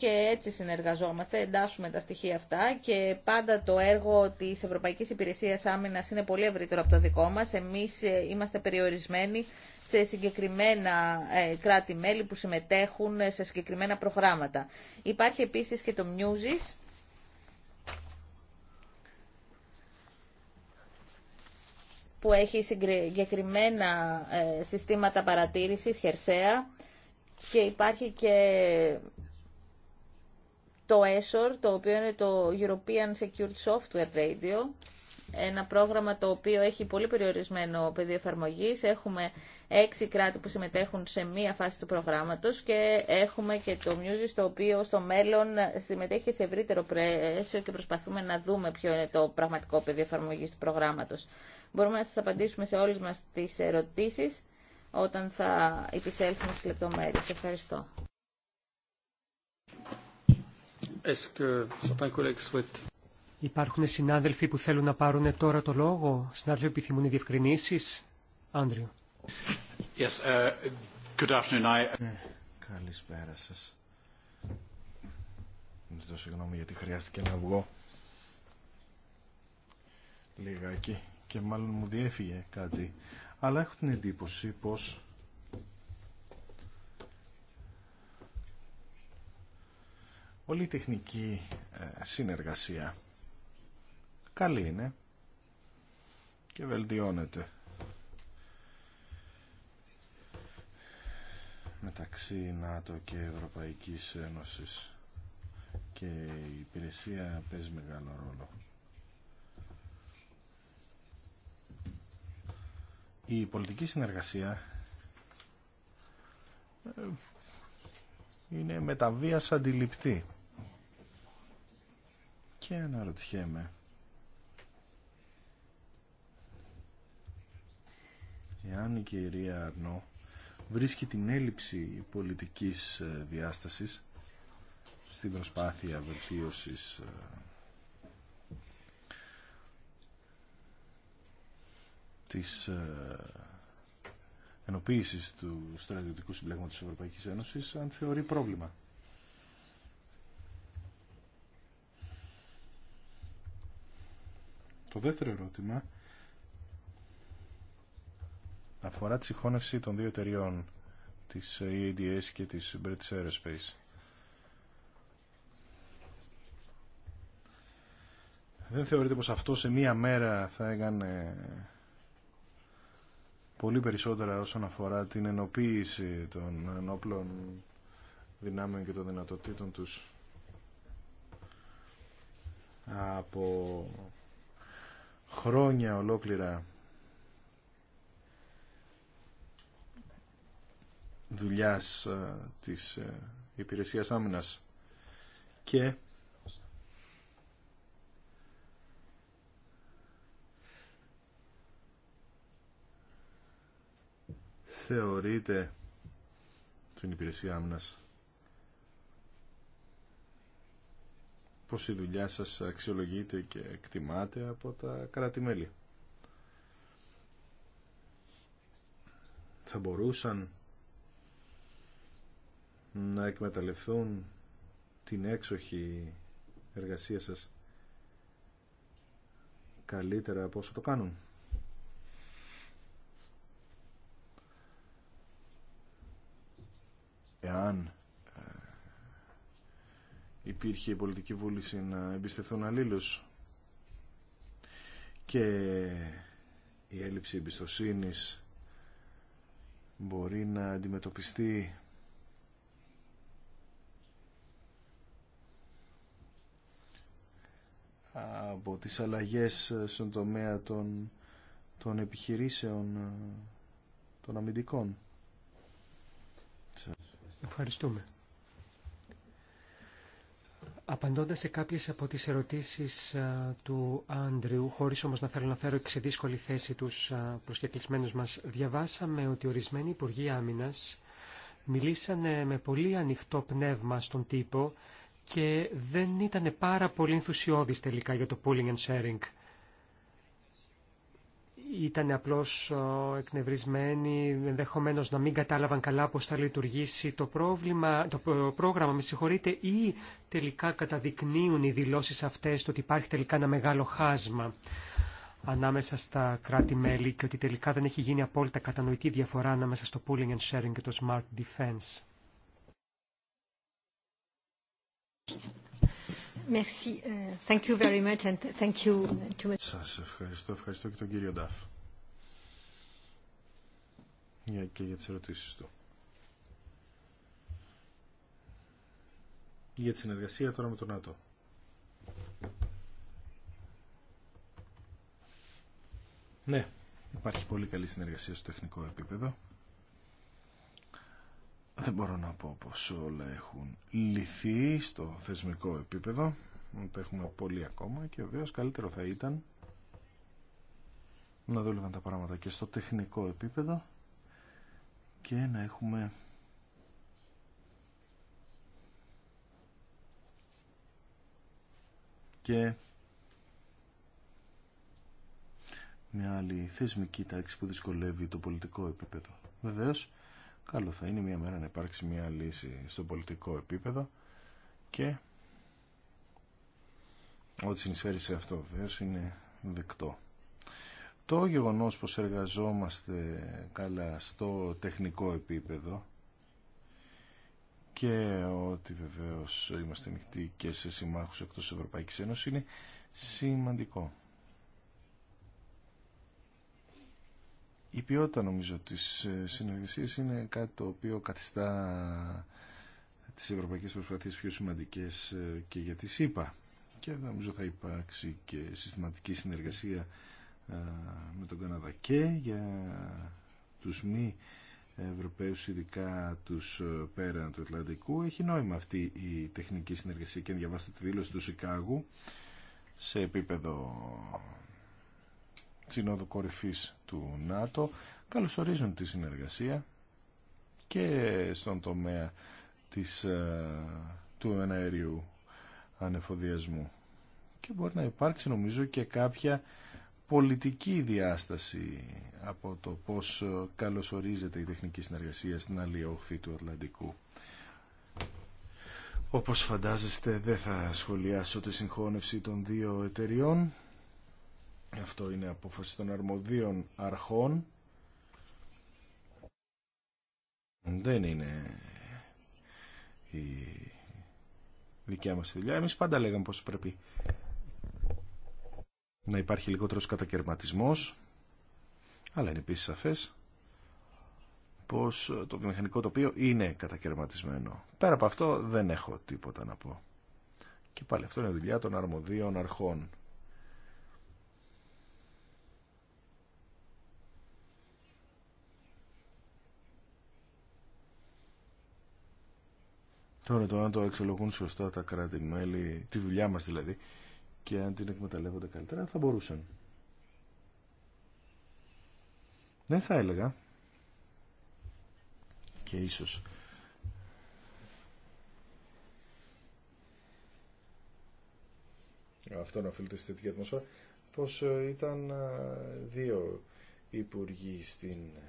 και έτσι συνεργαζόμαστε, εντάσσουμε τα στοιχεία αυτά και πάντα το έργο της Ευρωπαϊκής Υπηρεσίας Άμυνας είναι πολύ ευρύτερο από το δικό μας. Εμείς ε, είμαστε περιορισμένοι σε συγκεκριμένα ε, κράτη-μέλη που συμμετέχουν ε, σε συγκεκριμένα προγράμματα. Υπάρχει επίσης και το Musis, που έχει συγκεκριμένα συστήματα παρατήρησης, χερσαία, και υπάρχει και το ESOR, το οποίο είναι το European Secured Software Radio, ένα πρόγραμμα το οποίο έχει πολύ περιορισμένο πεδίο εφαρμογή. Έχουμε έξι κράτη που συμμετέχουν σε μία φάση του προγράμματος και έχουμε και το Music το οποίο στο μέλλον συμμετέχει σε ευρύτερο πρέσιο και προσπαθούμε να δούμε ποιο είναι το πραγματικό πεδίο εφαρμογή του προγράμματο Μπορούμε να σας απαντήσουμε σε όλες μας τις ερωτήσεις όταν θα επισέλθουμε στις λεπτομέρειες. Ευχαριστώ. Υπάρχουν συνάδελφοι που θέλουν να πάρουν τώρα το λόγο, συνάδελφοι που επιθυμούν διευκρινήσεις. Άντριο. Yes, uh, good afternoon. I... Ε, καλησπέρα σας. Ζητώ συγγνώμη γιατί χρειάστηκε να βγω λίγα και μάλλον μου διέφυγε κάτι. Αλλά έχω την εντύπωση πως πολύ τεχνική ε, συνεργασία. Καλή είναι και βελτιώνεται. μεταξύ ΝΑΤΟ και Ευρωπαϊκής Ένωσης και η υπηρεσία παίζει μεγάλο ρόλο. Η πολιτική συνεργασία ε, είναι μεταβίας αντιληπτή και αναρωτιέμαι εάν η κυρία Αρνό βρίσκει την έλλειψη πολιτικής ε, διάστασης στην προσπάθεια βελτίωσης ε, της ε, ενοποίησης του στρατιωτικού συμπλέγματος της Ευρωπαϊκής Ένωσης αν θεωρεί πρόβλημα. Το δεύτερο ερώτημα αφορά τη συγχώνευση των δύο εταιριών της EADS και της British Aerospace. Δεν θεωρείτε πως αυτό σε μία μέρα θα έκανε πολύ περισσότερα όσον αφορά την ενοποίηση των ενόπλων δυνάμεων και των δυνατοτήτων τους από χρόνια ολόκληρα δουλειάς ε, της ε, υπηρεσίας άμυνας και θεωρείται την υπηρεσία άμυνας πως η δουλειά σας αξιολογείται και εκτιμάται από τα κράτη-μέλη. Θα μπορούσαν να εκμεταλλευθούν την έξοχη εργασία σας καλύτερα από όσο το κάνουν. Εάν υπήρχε η πολιτική βούληση να εμπιστευθούν αλλήλους και η έλλειψη εμπιστοσύνης μπορεί να αντιμετωπιστεί από τις αλλαγές στον τομέα των, των επιχειρήσεων των αμυντικών. Ευχαριστούμε. Απαντώντας σε κάποιες από τις ερωτήσεις του Άντριου, χωρίς όμως να θέλω να φέρω σε θέση τους προσκεκλισμένους μας, διαβάσαμε ότι ορισμένοι Υπουργοί Άμυνας μιλήσανε με πολύ ανοιχτό πνεύμα στον τύπο και δεν ήταν πάρα πολύ ενθουσιώδης τελικά για το pooling and sharing ήταν απλώς ε, εκνευρισμένοι, ενδεχομένως να μην κατάλαβαν καλά πώς θα λειτουργήσει το, πρόβλημα, το πρόγραμμα, με συγχωρείτε, ή τελικά καταδεικνύουν οι δηλώσεις αυτές ότι υπάρχει τελικά ένα μεγάλο χάσμα ανάμεσα στα κράτη-μέλη και ότι τελικά δεν έχει γίνει απόλυτα κατανοητή διαφορά ανάμεσα στο pooling and sharing και το smart defense. Merci. Uh, Σας ευχαριστώ. Ευχαριστώ και τον κύριο Ντάφ. Και για τις ερωτήσεις του. Για τη συνεργασία τώρα με τον ΝΑΤΟ. Ναι, υπάρχει πολύ καλή συνεργασία στο τεχνικό επίπεδο. Δεν μπορώ να πω πως όλα έχουν λυθεί στο θεσμικό επίπεδο. Έχουμε πολύ ακόμα και βέβαια καλύτερο θα ήταν να δούλευαν τα πράγματα και στο τεχνικό επίπεδο και να έχουμε και μια άλλη θεσμική τάξη που δυσκολεύει το πολιτικό επίπεδο. Βεβαίως, καλό θα είναι μια μέρα να υπάρξει μια λύση στο πολιτικό επίπεδο και ό,τι συνεισφέρει σε αυτό βεβαίως είναι δεκτό. Το γεγονός πως εργαζόμαστε καλά στο τεχνικό επίπεδο και ότι βεβαίως είμαστε ανοιχτοί και σε συμμάχους εκτός Ευρωπαϊκής Ένωσης είναι σημαντικό. Η ποιότητα νομίζω της ε, συνεργασίας είναι κάτι το οποίο καθιστά τις ευρωπαϊκές προσπαθίες πιο σημαντικές ε, και για τη ΣΥΠΑ. Και νομίζω θα υπάρξει και συστηματική συνεργασία ε, με τον Καναδά και για τους μη Ευρωπαίους, ειδικά τους πέραν του Ατλαντικού. Έχει νόημα αυτή η τεχνική συνεργασία και διαβάστε τη δήλωση του Σικάγου σε επίπεδο Συνόδου Κορυφής του ΝΑΤΟ καλωσορίζουν τη συνεργασία και στον τομέα της, ε, του εναέριου ανεφοδιασμού. Και μπορεί να υπάρξει νομίζω και κάποια πολιτική διάσταση από το πώς ε, καλωσορίζεται η τεχνική συνεργασία στην άλλη όχθη του Ατλαντικού. Όπως φαντάζεστε δεν θα σχολιάσω τη συγχώνευση των δύο εταιριών. Αυτό είναι απόφαση των αρμοδίων αρχών. Δεν είναι η δικιά μας δουλειά. Εμείς πάντα λέγαμε πως πρέπει να υπάρχει λιγότερος κατακαιρματισμός, αλλά είναι επίσης σαφές πως το βιομηχανικό τοπίο είναι κατακαιρματισμένο. Πέρα από αυτό δεν έχω τίποτα να πω. Και πάλι αυτό είναι δουλειά των αρμοδίων αρχών. Τώρα το αν το αξιολογούν σωστά τα κράτη-μέλη, τη δουλειά μας δηλαδή, και αν την εκμεταλλεύονται καλύτερα, θα μπορούσαν. Δεν ναι, θα έλεγα. Και ίσως. Αυτό να οφείλεται στη θετική ατμόσφαιρα. Πως ε, ήταν ε, δύο υπουργοί στην, ε,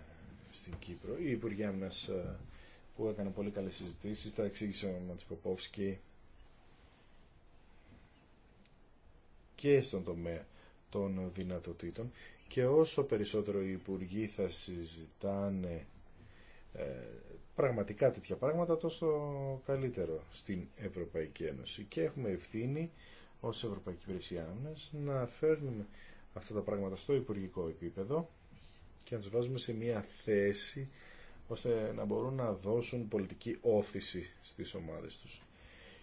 στην Κύπρο. Η άμυνας που έκανε πολύ καλές συζητήσεις, τα εξήγησε ο Ματσικοπόφσκι και στον τομέα των δυνατοτήτων και όσο περισσότερο οι υπουργοί θα συζητάνε ε, πραγματικά τέτοια πράγματα τόσο καλύτερο στην Ευρωπαϊκή Ένωση και έχουμε ευθύνη ως Ευρωπαϊκή Υπηρεσία να φέρνουμε αυτά τα πράγματα στο υπουργικό επίπεδο και να τους βάζουμε σε μια θέση ώστε να μπορούν να δώσουν πολιτική όθηση στις ομάδες τους.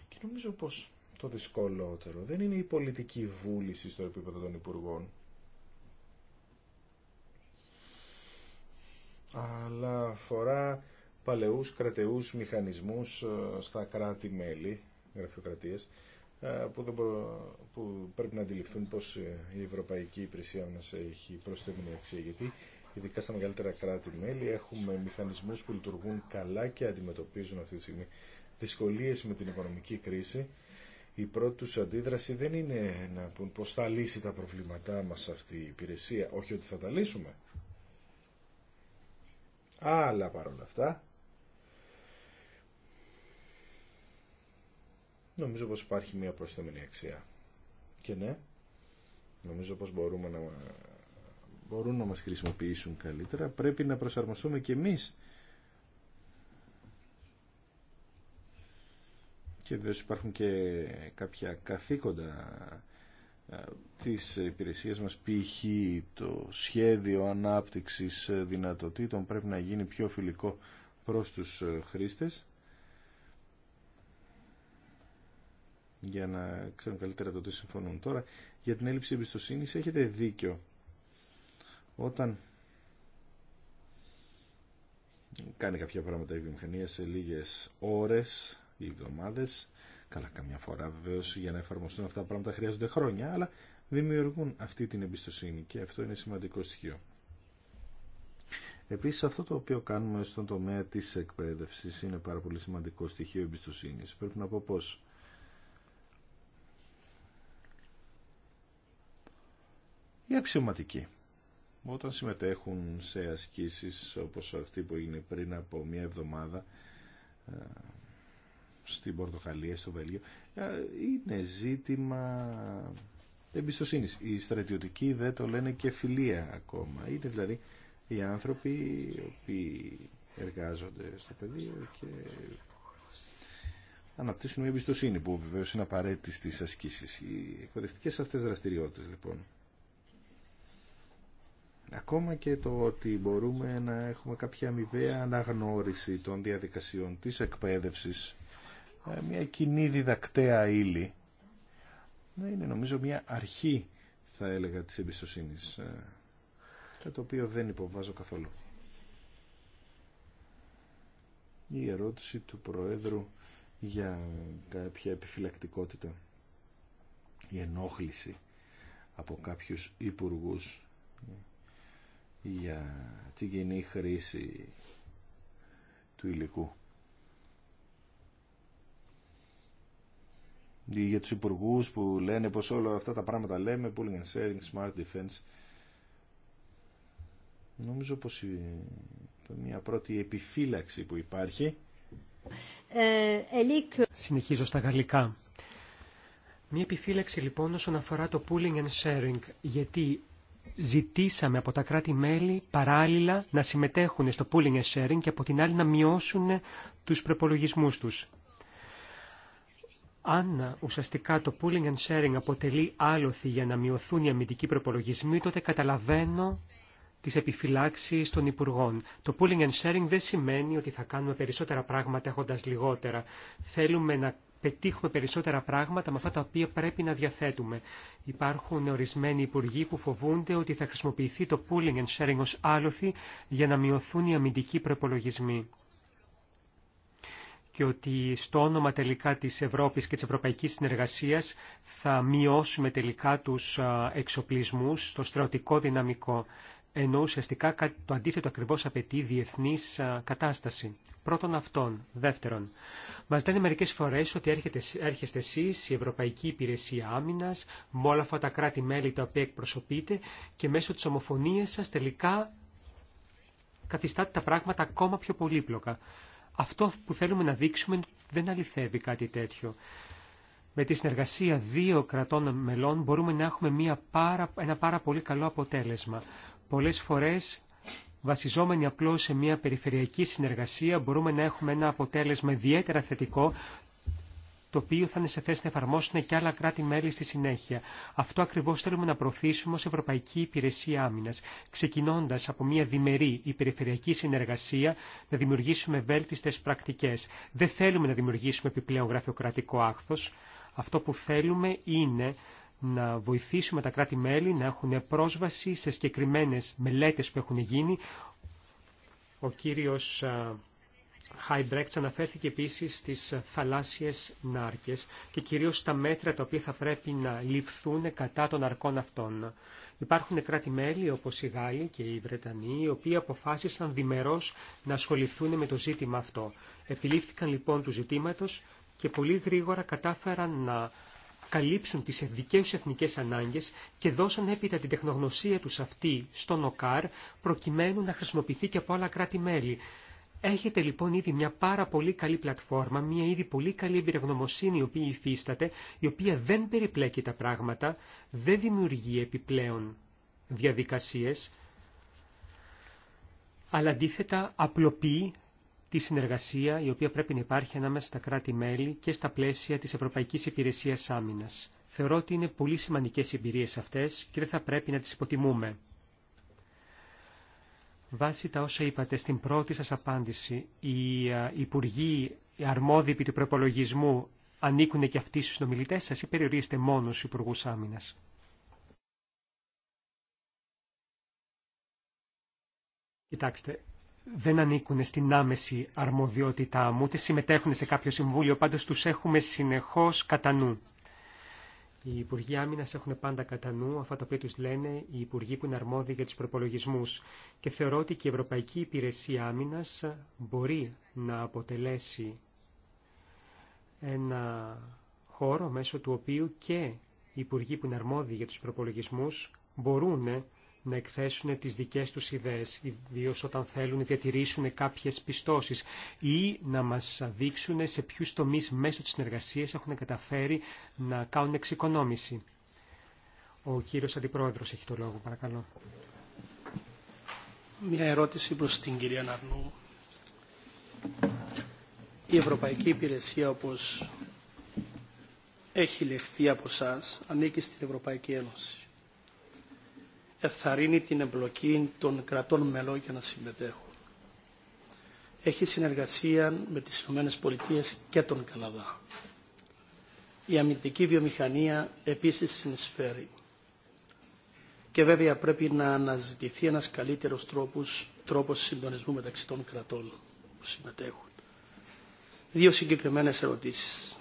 Και νομίζω πως το δυσκολότερο δεν είναι η πολιτική βούληση στο επίπεδο των Υπουργών, αλλά αφορά παλαιούς κρατεούς μηχανισμούς ε, στα κράτη-μέλη, γραφειοκρατίες, ε, που, που πρέπει να αντιληφθούν πως η Ευρωπαϊκή Υπηρεσία μας έχει προσθέμενη αξία, γιατί ειδικά στα μεγαλύτερα κράτη-μέλη. Έχουμε μηχανισμούς που λειτουργούν καλά και αντιμετωπίζουν αυτή τη στιγμή δυσκολίε με την οικονομική κρίση. Η πρώτη του αντίδραση δεν είναι να πούν πω θα λύσει τα προβλήματά μας αυτή η υπηρεσία, όχι ότι θα τα λύσουμε. Αλλά παρόλα αυτά, νομίζω πως υπάρχει μια προσθέμενη αξία. Και ναι, νομίζω πως μπορούμε να μπορούν να μας χρησιμοποιήσουν καλύτερα, πρέπει να προσαρμοστούμε και εμείς. Και βέβαια υπάρχουν και κάποια καθήκοντα της υπηρεσίας μας, π.χ. το σχέδιο ανάπτυξης δυνατοτήτων πρέπει να γίνει πιο φιλικό προς τους χρήστες για να ξέρουν καλύτερα το τι συμφωνούν τώρα. Για την έλλειψη εμπιστοσύνη έχετε δίκιο. Όταν κάνει κάποια πράγματα η βιομηχανία σε λίγες ώρες ή εβδομάδες, καλά καμιά φορά βεβαίω για να εφαρμοστούν αυτά τα πράγματα χρειάζονται χρόνια, αλλά δημιουργούν αυτή την εμπιστοσύνη και αυτό είναι σημαντικό στοιχείο. Επίσης αυτό το οποίο κάνουμε στον τομέα της εκπαίδευσης είναι πάρα πολύ σημαντικό στοιχείο εμπιστοσύνης. Πρέπει να πω πως Η αξιωματική όταν συμμετέχουν σε ασκήσεις όπως αυτή που έγινε πριν από μια εβδομάδα ε, στην Πορτοκαλία, στο Βέλγιο, ε, είναι ζήτημα εμπιστοσύνη. Οι στρατιωτικοί δεν το λένε και φιλία ακόμα. Είναι δηλαδή οι άνθρωποι οι οποίοι εργάζονται στο πεδίο και αναπτύσσουν μια εμπιστοσύνη που βεβαίω είναι απαραίτητη στις ασκήσεις. Οι εκπαιδευτικές αυτές δραστηριότητες λοιπόν Ακόμα και το ότι μπορούμε να έχουμε κάποια αμοιβαία αναγνώριση των διαδικασιών της εκπαίδευσης, ε, μια κοινή διδακτέα ύλη, να είναι νομίζω μια αρχή, θα έλεγα, της εμπιστοσύνης, ε, το οποίο δεν υποβάζω καθόλου. Η ερώτηση του Προέδρου για κάποια επιφυλακτικότητα, η ενόχληση από κάποιους υπουργούς για την κοινή χρήση του υλικού. Για τους υπουργούς που λένε πως όλα αυτά τα πράγματα λέμε, pulling and sharing, smart defense, νομίζω πως η, μια πρώτη επιφύλαξη που υπάρχει. Ε, Συνεχίζω στα γαλλικά. Μία επιφύλαξη λοιπόν όσον αφορά το pooling and sharing, γιατί ζητήσαμε από τα κράτη-μέλη παράλληλα να συμμετέχουν στο pooling and sharing και από την άλλη να μειώσουν τους προπολογισμούς τους. Αν ουσιαστικά το pooling and sharing αποτελεί άλοθη για να μειωθούν οι αμυντικοί προπολογισμοί, τότε καταλαβαίνω τις επιφυλάξεις των Υπουργών. Το pooling and sharing δεν σημαίνει ότι θα κάνουμε περισσότερα πράγματα έχοντας λιγότερα. Θέλουμε να πετύχουμε περισσότερα πράγματα με αυτά τα οποία πρέπει να διαθέτουμε. Υπάρχουν ορισμένοι υπουργοί που φοβούνται ότι θα χρησιμοποιηθεί το pooling and sharing ως άλοθη για να μειωθούν οι αμυντικοί προπολογισμοί και ότι στο όνομα τελικά της Ευρώπης και της Ευρωπαϊκής Συνεργασίας θα μειώσουμε τελικά τους εξοπλισμούς στο στρατικό δυναμικό ενώ ουσιαστικά το αντίθετο ακριβώς απαιτεί διεθνής κατάσταση. Πρώτον αυτόν. Δεύτερον, μας λένε μερικές φορές ότι έρχεστε εσείς, η Ευρωπαϊκή Υπηρεσία Άμυνας, με όλα αυτά τα κράτη-μέλη τα οποία εκπροσωπείτε και μέσω της ομοφωνίας σας τελικά καθιστάτε τα πράγματα ακόμα πιο πολύπλοκα. Αυτό που θέλουμε να δείξουμε δεν αληθεύει κάτι τέτοιο. Με τη συνεργασία δύο κρατών μελών μπορούμε να έχουμε μια πάρα, ένα πάρα πολύ καλό αποτέλεσμα. Πολλές φορές, βασιζόμενοι απλώς σε μια περιφερειακή συνεργασία, μπορούμε να έχουμε ένα αποτέλεσμα ιδιαίτερα θετικό, το οποίο θα είναι σε θέση να εφαρμόσουν και άλλα κράτη-μέλη στη συνέχεια. Αυτό ακριβώ θέλουμε να προωθήσουμε ω Ευρωπαϊκή Υπηρεσία Άμυνα, ξεκινώντα από μια διμερή περιφερειακή συνεργασία να δημιουργήσουμε βέλτιστε πρακτικέ. Δεν θέλουμε να δημιουργήσουμε επιπλέον γραφειοκρατικό ακθο Αυτό που θέλουμε είναι να βοηθήσουμε τα κράτη-μέλη να έχουν πρόσβαση σε συγκεκριμένες μελέτες που έχουν γίνει. Ο κύριος Χάιμπρεκτς αναφέρθηκε επίσης στις θαλάσσιες νάρκες και κυρίως στα μέτρα τα οποία θα πρέπει να ληφθούν κατά των αρκών αυτών. Υπάρχουν κράτη-μέλη όπως οι Γάλλοι και οι Βρετανοί, οι οποίοι αποφάσισαν διμερώς να ασχοληθούν με το ζήτημα αυτό. Επιλήφθηκαν λοιπόν του ζητήματος και πολύ γρήγορα κατάφεραν να καλύψουν τις δικές εθνικές ανάγκες και δώσαν έπειτα την τεχνογνωσία τους αυτή στον ΟΚΑΡ προκειμένου να χρησιμοποιηθεί και από άλλα κράτη-μέλη. Έχετε λοιπόν ήδη μια πάρα πολύ καλή πλατφόρμα, μια ήδη πολύ καλή εμπειρογνωμοσύνη η οποία υφίσταται, η οποία δεν περιπλέκει τα πράγματα, δεν δημιουργεί επιπλέον διαδικασίες, αλλά αντίθετα απλοποιεί τη συνεργασία η οποία πρέπει να υπάρχει ανάμεσα στα κράτη-μέλη και στα πλαίσια της Ευρωπαϊκής Υπηρεσίας Άμυνας. Θεωρώ ότι είναι πολύ σημαντικές οι εμπειρίες αυτές και δεν θα πρέπει να τις υποτιμούμε. Βάσει τα όσα είπατε στην πρώτη σας απάντηση, οι ε, υπουργοί οι αρμόδιοι του προπολογισμού ανήκουν και αυτοί στους συνομιλητές σας ή περιορίζετε μόνο στους υπουργούς άμυνας. Κοιτάξτε, δεν ανήκουν στην άμεση αρμοδιότητά μου, ούτε συμμετέχουν σε κάποιο συμβούλιο, πάντως τους έχουμε συνεχώς κατά νου. Οι Υπουργοί Άμυνα έχουν πάντα κατά νου αυτά τα οποία του λένε οι Υπουργοί που είναι αρμόδιοι για του προπολογισμού. Και θεωρώ ότι και η Ευρωπαϊκή Υπηρεσία Άμυνα μπορεί να αποτελέσει ένα χώρο μέσω του οποίου και οι Υπουργοί που είναι αρμόδιοι για του προπολογισμού μπορούν να εκθέσουν τις δικές τους ιδέες, ιδίω όταν θέλουν να διατηρήσουν κάποιες πιστώσεις ή να μας δείξουν σε ποιους τομείς μέσω της συνεργασίας έχουν καταφέρει να κάνουν εξοικονόμηση. Ο κύριος Αντιπρόεδρος έχει το λόγο, παρακαλώ. Μια ερώτηση προς την κυρία Ναρνού. Η Ευρωπαϊκή Υπηρεσία, όπως έχει λεχθεί από εσά, ανήκει στην Ευρωπαϊκή Ένωση εθαρρύνει την εμπλοκή των κρατών μελών για να συμμετέχουν. Έχει συνεργασία με τις ΗΠΑ και τον Καναδά. Η αμυντική βιομηχανία επίσης συνεισφέρει. Και βέβαια πρέπει να αναζητηθεί ένας καλύτερος τρόπος, τρόπος συντονισμού μεταξύ των κρατών που συμμετέχουν. Δύο συγκεκριμένες ερωτήσεις.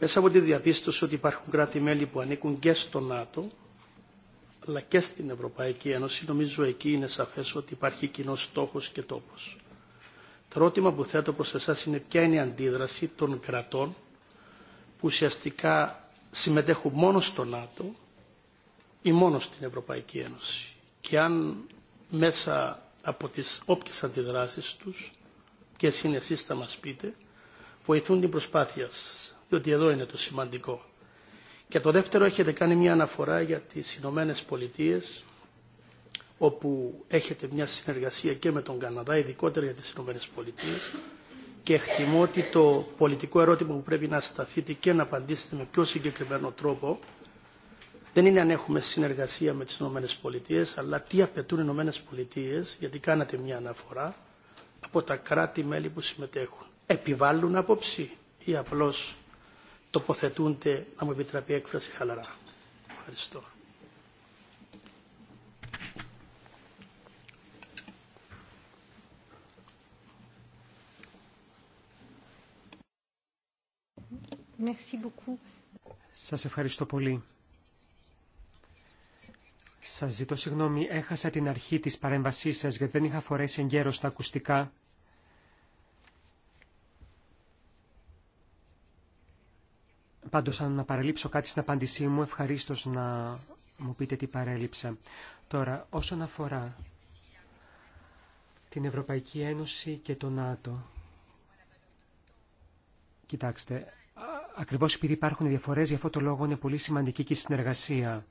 Μέσα από τη διαπίστωση ότι υπάρχουν κράτη-μέλη που ανήκουν και στο ΝΑΤΟ αλλά και στην Ευρωπαϊκή Ένωση, νομίζω εκεί είναι σαφές ότι υπάρχει κοινό στόχος και τόπος. Το ερώτημα που θέτω προς εσάς είναι ποια είναι η αντίδραση των κρατών που ουσιαστικά συμμετέχουν μόνο στο ΝΑΤΟ ή μόνο στην Ευρωπαϊκή Ένωση και αν μέσα από τις όποιες αντιδράσεις τους και είναι εσείς θα μας πείτε βοηθούν την προσπάθεια σας διότι εδώ είναι το σημαντικό και το δεύτερο έχετε κάνει μια αναφορά για τις Ηνωμένε Πολιτείε, όπου έχετε μια συνεργασία και με τον Καναδά, ειδικότερα για τις Ηνωμένε Πολιτείε. Και εκτιμώ ότι το πολιτικό ερώτημα που πρέπει να σταθείτε και να απαντήσετε με πιο συγκεκριμένο τρόπο δεν είναι αν έχουμε συνεργασία με τις Ηνωμένε Πολιτείε, αλλά τι απαιτούν οι Ηνωμένε Πολιτείε, γιατί κάνατε μια αναφορά, από τα κράτη-μέλη που συμμετέχουν. Επιβάλλουν άποψη ή απλώς τοποθετούνται, αν μου επιτραπεί έκφραση, χαλαρά. Ευχαριστώ. Σας ευχαριστώ πολύ. Σας ζητώ συγγνώμη, έχασα την αρχή της παρέμβασής σας γιατί δεν είχα φορέσει εγκαίρως τα ακουστικά. Πάντω, αν να παραλείψω κάτι στην απάντησή μου, ευχαρίστως να μου πείτε τι παρέλειψα. Τώρα, όσον αφορά την Ευρωπαϊκή Ένωση και το ΝΑΤΟ. Κοιτάξτε, ακριβώς επειδή υπάρχουν διαφορές, γι' αυτό το λόγο είναι πολύ σημαντική και η συνεργασία.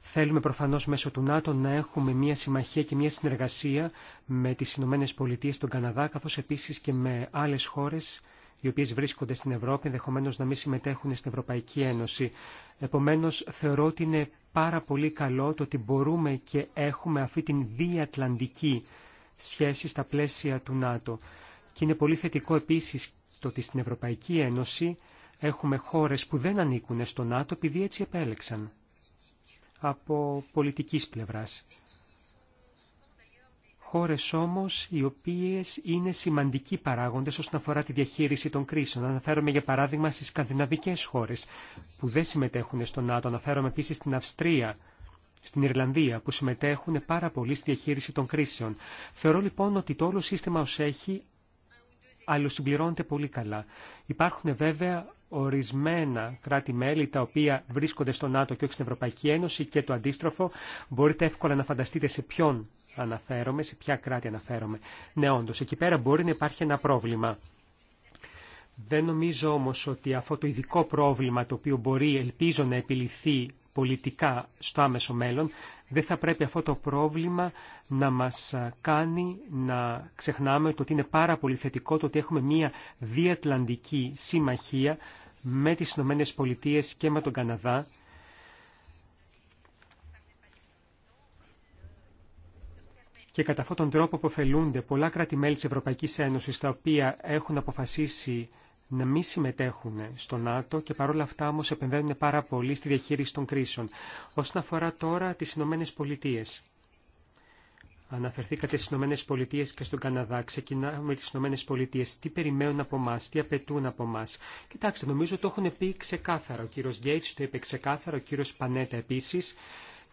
Θέλουμε προφανώ μέσω του ΝΑΤΟ να έχουμε μια συμμαχία και μια συνεργασία με τι Ηνωμένε Πολιτείε τον Καναδά, καθώ επίση και με άλλε χώρε οι οποίε βρίσκονται στην Ευρώπη, ενδεχομένω να μην συμμετέχουν στην Ευρωπαϊκή Ένωση. Επομένω, θεωρώ ότι είναι πάρα πολύ καλό το ότι μπορούμε και έχουμε αυτή την διατλαντική σχέση στα πλαίσια του ΝΑΤΟ. Και είναι πολύ θετικό επίση το ότι στην Ευρωπαϊκή Ένωση έχουμε χώρε που δεν ανήκουν στο ΝΑΤΟ επειδή έτσι επέλεξαν από πολιτικής πλευράς χώρες όμως οι οποίες είναι σημαντικοί παράγοντες όσον αφορά τη διαχείριση των κρίσεων. Αναφέρομαι για παράδειγμα στις σκανδιναβικές χώρες που δεν συμμετέχουν στο ΝΑΤΟ. Αναφέρομαι επίσης στην Αυστρία, στην Ιρλανδία που συμμετέχουν πάρα πολύ στη διαχείριση των κρίσεων. Θεωρώ λοιπόν ότι το όλο σύστημα ως έχει αλλοσυμπληρώνεται πολύ καλά. Υπάρχουν βέβαια ορισμένα κράτη-μέλη τα οποία βρίσκονται στο ΝΑΤΟ και όχι στην Ευρωπαϊκή Ένωση και το αντίστροφο μπορείτε εύκολα να φανταστείτε σε ποιον αναφέρομαι, σε ποια κράτη αναφέρομαι. Ναι, όντως, εκεί πέρα μπορεί να υπάρχει ένα πρόβλημα. Δεν νομίζω όμως ότι αυτό το ειδικό πρόβλημα το οποίο μπορεί, ελπίζω, να επιληθεί πολιτικά στο άμεσο μέλλον, δεν θα πρέπει αυτό το πρόβλημα να μας κάνει να ξεχνάμε ότι είναι πάρα πολύ θετικό το ότι έχουμε μία διατλαντική συμμαχία με τις Ηνωμένε Πολιτείες και με τον Καναδά και κατά αυτόν τον τρόπο αποφελούνται πολλά κράτη-μέλη της Ευρωπαϊκής Ένωσης τα οποία έχουν αποφασίσει να μην συμμετέχουν στο ΝΑΤΟ και παρόλα αυτά όμως επενδύουν πάρα πολύ στη διαχείριση των κρίσεων. Όσον αφορά τώρα τις Ηνωμένε Πολιτείε. Αναφερθήκατε στις Ηνωμένε Πολιτείε και στον Καναδά. Ξεκινάμε με τις Ηνωμένε Πολιτείε. Τι περιμένουν από εμά, τι απαιτούν από εμά. Κοιτάξτε, νομίζω το έχουν πει ξεκάθαρα. Ο κύριο Γκέιτς το είπε ξεκάθαρα, ο κύριο Πανέτα επίση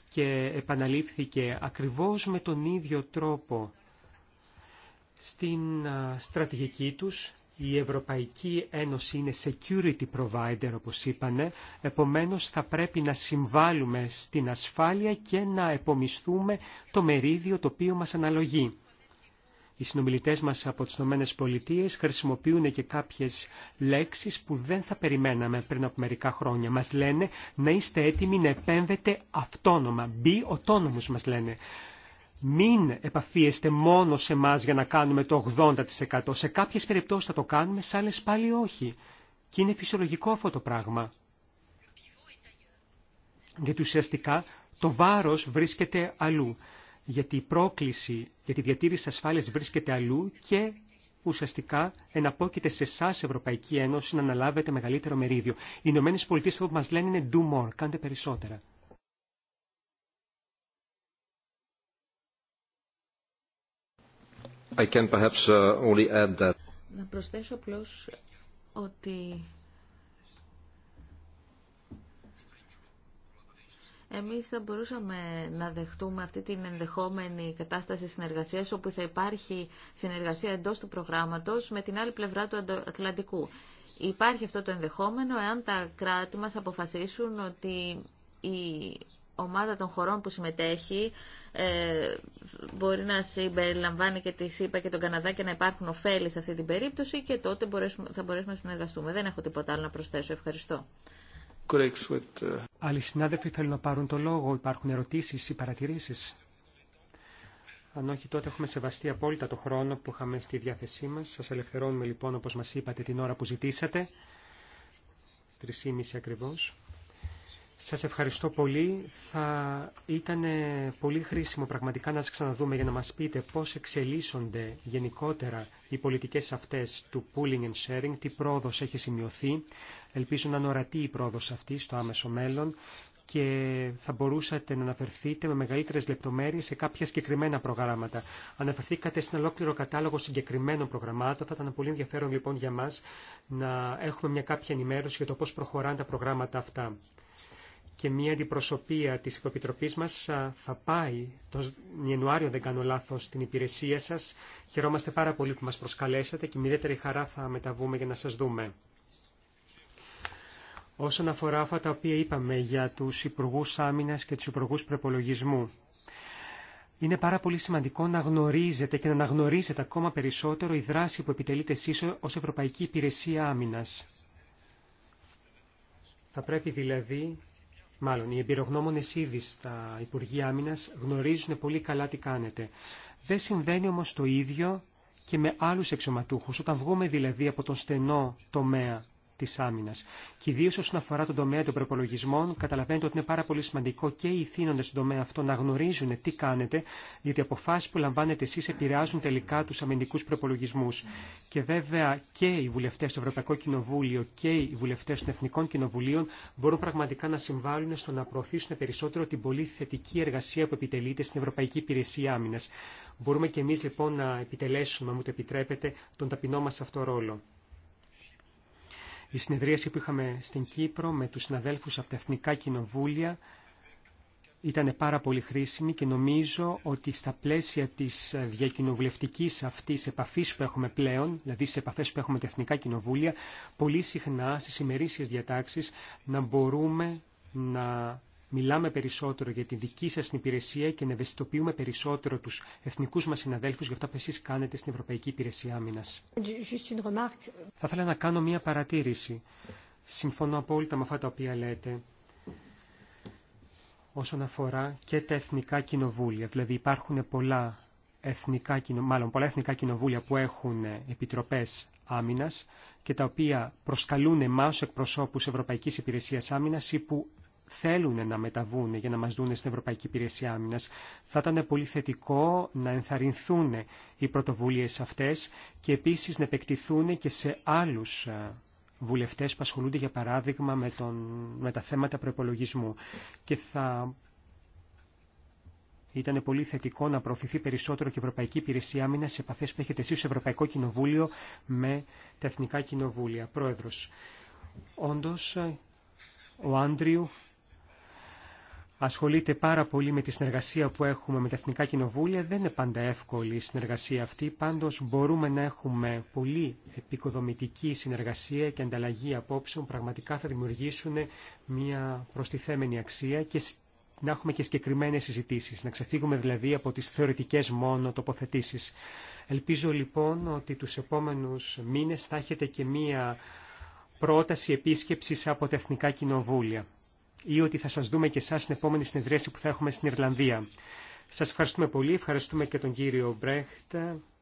και επαναλήφθηκε ακριβώς με τον ίδιο τρόπο στην στρατηγική τους. Η Ευρωπαϊκή Ένωση είναι security provider, όπως είπανε, επομένως θα πρέπει να συμβάλλουμε στην ασφάλεια και να επομισθούμε το μερίδιο το οποίο μας αναλογεί οι συνομιλητές μας από τις ΗΠΑ Πολιτείες χρησιμοποιούν και κάποιες λέξεις που δεν θα περιμέναμε πριν από μερικά χρόνια. Μας λένε να είστε έτοιμοι να επέμβετε αυτόνομα. Be autonomous μας λένε. Μην επαφίεστε μόνο σε εμά για να κάνουμε το 80%. Σε κάποιες περιπτώσεις θα το κάνουμε, σε άλλες πάλι όχι. Και είναι φυσιολογικό αυτό το πράγμα. Γιατί ουσιαστικά το βάρος βρίσκεται αλλού γιατί η πρόκληση για τη διατήρηση της ασφάλειας βρίσκεται αλλού και ουσιαστικά εναπόκειται σε εσά, Ευρωπαϊκή Ένωση, να αναλάβετε μεγαλύτερο μερίδιο. Οι Ηνωμένε Πολιτείε που μα λένε είναι do more, κάντε περισσότερα. Uh, να προσθέσω απλώς ότι εμείς θα μπορούσαμε να δεχτούμε αυτή την ενδεχόμενη κατάσταση συνεργασίας όπου θα υπάρχει συνεργασία εντός του προγράμματος με την άλλη πλευρά του Ατλαντικού. Υπάρχει αυτό το ενδεχόμενο εάν τα κράτη μας αποφασίσουν ότι η ομάδα των χωρών που συμμετέχει ε, μπορεί να συμπεριλαμβάνει και τη ΣΥΠΑ και τον Καναδά και να υπάρχουν ωφέλη σε αυτή την περίπτωση και τότε θα μπορέσουμε να συνεργαστούμε. Δεν έχω τίποτα άλλο να προσθέσω. Ευχαριστώ. Uh, Άλλοι συνάδελφοι θέλουν να πάρουν το λόγο. Υπάρχουν ερωτήσεις ή παρατηρήσεις. Αν όχι, τότε έχουμε σεβαστεί απόλυτα το χρόνο που είχαμε στη διάθεσή μας. Σας ελευθερώνουμε λοιπόν, όπως μας είπατε, την ώρα που ζητήσατε. μισή ακριβώς. Σας ευχαριστώ πολύ. Θα ήταν πολύ χρήσιμο πραγματικά να σας ξαναδούμε για να μας πείτε πώς εξελίσσονται γενικότερα οι πολιτικές αυτές του pooling and sharing, τι πρόοδος έχει σημειωθεί. Ελπίζω να είναι ορατή η πρόοδος αυτή στο άμεσο μέλλον και θα μπορούσατε να αναφερθείτε με μεγαλύτερες λεπτομέρειες σε κάποια συγκεκριμένα προγράμματα. Αναφερθήκατε στην ολόκληρο κατάλογο συγκεκριμένων προγραμμάτων. Θα ήταν πολύ ενδιαφέρον λοιπόν για μας να έχουμε μια κάποια ενημέρωση για το πώς προχωράνε τα προγράμματα αυτά και μία αντιπροσωπεία της Υποπιτροπής μας θα πάει τον Ιανουάριο, δεν κάνω λάθος, στην υπηρεσία σας. Χαιρόμαστε πάρα πολύ που μας προσκαλέσατε και με ιδιαίτερη χαρά θα μεταβούμε για να σας δούμε. Όσον αφορά αυτά τα οποία είπαμε για τους υπουργού Άμυνας και τους υπουργού Προπολογισμού, είναι πάρα πολύ σημαντικό να γνωρίζετε και να αναγνωρίζετε ακόμα περισσότερο η δράση που επιτελείτε εσείς ως Ευρωπαϊκή Υπηρεσία Άμυνας. Θα πρέπει δηλαδή Μάλλον, οι εμπειρογνώμονε ήδη στα Υπουργεία Άμυνα γνωρίζουν πολύ καλά τι κάνετε. Δεν συμβαίνει όμω το ίδιο και με άλλου εξωματούχου, όταν βγούμε δηλαδή από τον στενό τομέα τη άμυνα. Και ιδίω όσον αφορά τον τομέα των προπολογισμών, καταλαβαίνετε ότι είναι πάρα πολύ σημαντικό και οι ηθήνοντε στον τομέα αυτό να γνωρίζουν τι κάνετε, γιατί οι αποφάσει που λαμβάνετε εσεί επηρεάζουν τελικά του αμυντικού προπολογισμού. Και βέβαια και οι βουλευτέ του Ευρωπαϊκού Κοινοβούλιο και οι βουλευτέ των Εθνικών Κοινοβουλίων μπορούν πραγματικά να συμβάλλουν στο να προωθήσουν περισσότερο την πολύ θετική εργασία που επιτελείται στην Ευρωπαϊκή Υπηρεσία Άμυνα. Μπορούμε και εμεί λοιπόν να επιτελέσουμε, αν μου το επιτρέπετε, τον ταπεινό μα αυτό ρόλο η συνεδρίαση που είχαμε στην Κύπρο με τους συναδέλφους από τα Εθνικά Κοινοβούλια ήταν πάρα πολύ χρήσιμη και νομίζω ότι στα πλαίσια της ε, διακοινοβουλευτικής αυτής επαφής που έχουμε πλέον, δηλαδή σε επαφές που έχουμε τα Εθνικά Κοινοβούλια, πολύ συχνά στις ημερήσιες διατάξεις να μπορούμε να μιλάμε περισσότερο για την δική σας υπηρεσία και να ευαισθητοποιούμε περισσότερο τους εθνικούς μας συναδέλφους για αυτά που εσείς κάνετε στην Ευρωπαϊκή Υπηρεσία Άμυνας. Θα ήθελα να κάνω μία παρατήρηση. Συμφωνώ απόλυτα με αυτά τα οποία λέτε όσον αφορά και τα εθνικά κοινοβούλια. Δηλαδή υπάρχουν πολλά εθνικά, μάλλον πολλά εθνικά κοινοβούλια που έχουν επιτροπές άμυνας και τα οποία προσκαλούν εμά εκπροσώπου Ευρωπαϊκή Υπηρεσία Άμυνα, ή θέλουν να μεταβούν για να μας δούνε στην Ευρωπαϊκή Υπηρεσία Άμυνας. Θα ήταν πολύ θετικό να ενθαρρυνθούν οι πρωτοβουλίες αυτές και επίσης να επεκτηθούν και σε άλλους ε, βουλευτές που ασχολούνται για παράδειγμα με, τον, με τα θέματα προπολογισμού και θα ήταν πολύ θετικό να προωθηθεί περισσότερο και η Ευρωπαϊκή Υπηρεσία Άμυνα σε επαφές που έχετε εσεί στο Ευρωπαϊκό Κοινοβούλιο με τα Εθνικά Κοινοβούλια. Πρόεδρο, όντω ε, ο Άντριου ασχολείται πάρα πολύ με τη συνεργασία που έχουμε με τα Εθνικά Κοινοβούλια. Δεν είναι πάντα εύκολη η συνεργασία αυτή, πάντως μπορούμε να έχουμε πολύ επικοδομητική συνεργασία και ανταλλαγή απόψεων πραγματικά θα δημιουργήσουν μια προστιθέμενη αξία και να έχουμε και συγκεκριμένες συζητήσεις, να ξεφύγουμε δηλαδή από τις θεωρητικές μόνο τοποθετήσεις. Ελπίζω λοιπόν ότι τους επόμενους μήνες θα έχετε και μία πρόταση επίσκεψης από τα Εθνικά Κοινοβούλια ή ότι θα σας δούμε και εσάς στην επόμενη συνεδρίαση που θα έχουμε στην Ιρλανδία. Σας ευχαριστούμε πολύ, ευχαριστούμε και τον κύριο Χουι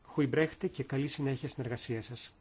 Χουιμπρέχτε και καλή συνέχεια στην εργασία σας.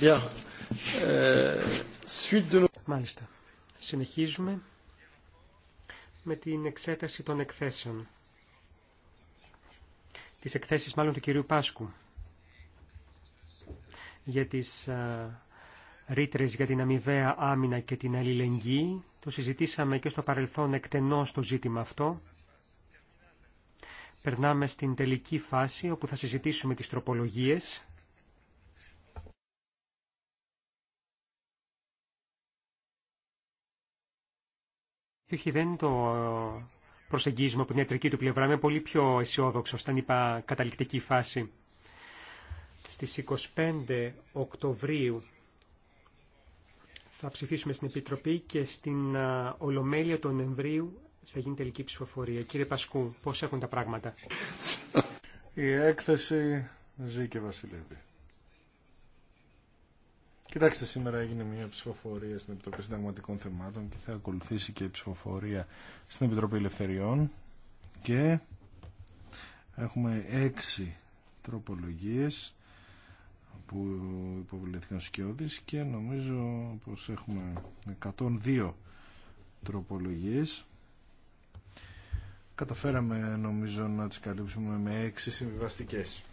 Euh, Μάλιστα. Συνεχίζουμε με την εξέταση των εκθέσεων. Τις εκθέσεις μάλλον του κυρίου Πάσκου για τις ε, ρήτρε για την αμοιβαία άμυνα και την αλληλεγγύη. Το συζητήσαμε και στο παρελθόν εκτενώς το ζήτημα αυτό. Περνάμε στην τελική φάση όπου θα συζητήσουμε τις τροπολογίες. όχι, δεν το προσεγγίζουμε από την ιατρική του πλευρά. Είμαι πολύ πιο αισιόδοξο όταν είπα καταληκτική φάση. Στις 25 Οκτωβρίου θα ψηφίσουμε στην Επιτροπή και στην Ολομέλεια του Νοεμβρίου θα γίνει τελική ψηφοφορία. Κύριε Πασκού, πώς έχουν τα πράγματα. Η έκθεση ζει και βασιλεύει. Κοιτάξτε, σήμερα έγινε μια ψηφοφορία στην Επιτροπή Συνταγματικών Θεμάτων και θα ακολουθήσει και ψηφοφορία στην Επιτροπή Ελευθεριών και έχουμε έξι τροπολογίες που υποβληθήκαν σκιώδης και νομίζω πως έχουμε 102 τροπολογίες καταφέραμε νομίζω να τις καλύψουμε με έξι συμβιβαστικές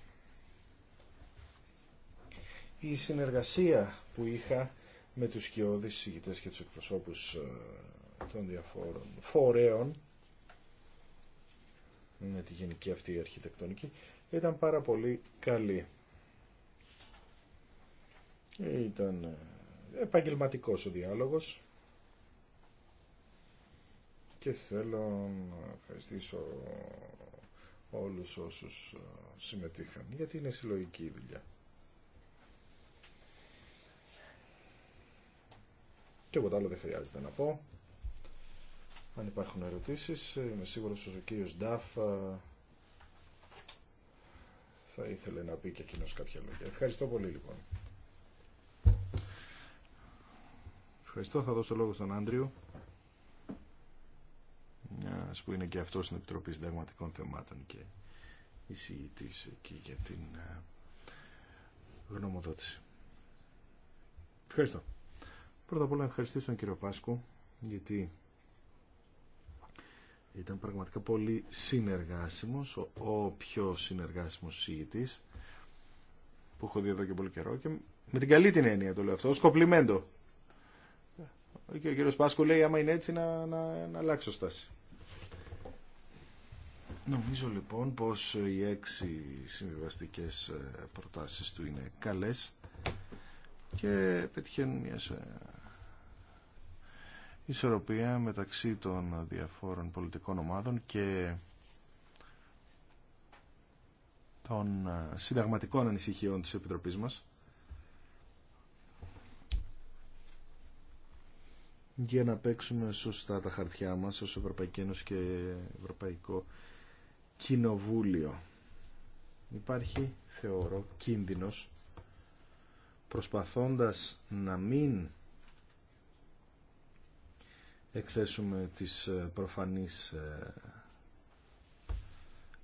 η συνεργασία που είχα με τους σκιώδεις συγητές και τους εκπροσώπους ε, των διαφόρων φορέων με τη γενική αυτή αρχιτεκτονική ήταν πάρα πολύ καλή. Ήταν ε, επαγγελματικός ο διάλογος και θέλω να ευχαριστήσω όλους όσους ε, συμμετείχαν γιατί είναι συλλογική δουλειά. Και εγώ άλλο δεν χρειάζεται να πω. Αν υπάρχουν ερωτήσεις, είμαι σίγουρος ότι ο κύριος Νταφ ε, θα ήθελε να πει και εκείνος κάποια λόγια. Ευχαριστώ πολύ λοιπόν. Ευχαριστώ. Θα δώσω λόγο στον Άντριο Μια που είναι και αυτός στην Επιτροπή Συνταγματικών Θεμάτων και εισηγητή εκεί για την ε, γνωμοδότηση. Ευχαριστώ. Πρώτα απ' όλα ευχαριστήσω τον κύριο Πάσκου γιατί ήταν πραγματικά πολύ συνεργάσιμος, ο, πιο συνεργάσιμος συγητής που έχω δει εδώ και πολύ καιρό και με την καλή την έννοια το λέω αυτό, ως κοπλιμέντο. Και ο κύριος Πάσκου λέει άμα είναι έτσι να, να, να αλλάξω στάση. Νομίζω λοιπόν πως οι έξι συμβιβαστικές ε, προτάσεις του είναι καλές και πετυχαίνουν μια ισορροπία μεταξύ των διαφόρων πολιτικών ομάδων και των ε, συνταγματικών ανησυχιών της Επιτροπής μας για να παίξουμε σωστά τα χαρτιά μας ως Ευρωπαϊκή Ένωση και Ευρωπαϊκό Κοινοβούλιο. Υπάρχει, θεωρώ, κίνδυνος προσπαθώντας να μην εκθέσουμε τις ε, προφανείς ε,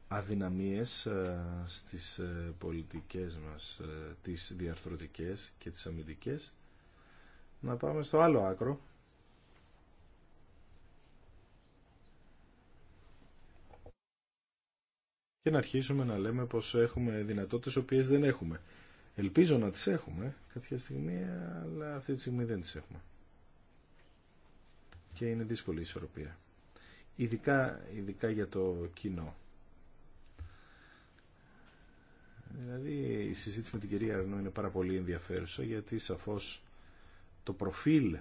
αδυναμίες ε, στις πολιτικές μας, τις διαρθρωτικές και τις αμυντικές. Να πάμε στο άλλο άκρο. Και να αρχίσουμε να λέμε πως έχουμε δυνατότητες οποίες δεν έχουμε. Ελπίζω να τις έχουμε κάποια στιγμή, αλλά αυτή τη στιγμή δεν τις έχουμε. Και είναι δύσκολη η ισορροπία. Ειδικά, ειδικά για το κοινό. Δηλαδή η συζήτηση με την κυρία Αρνού είναι πάρα πολύ ενδιαφέρουσα γιατί σαφώς το προφίλ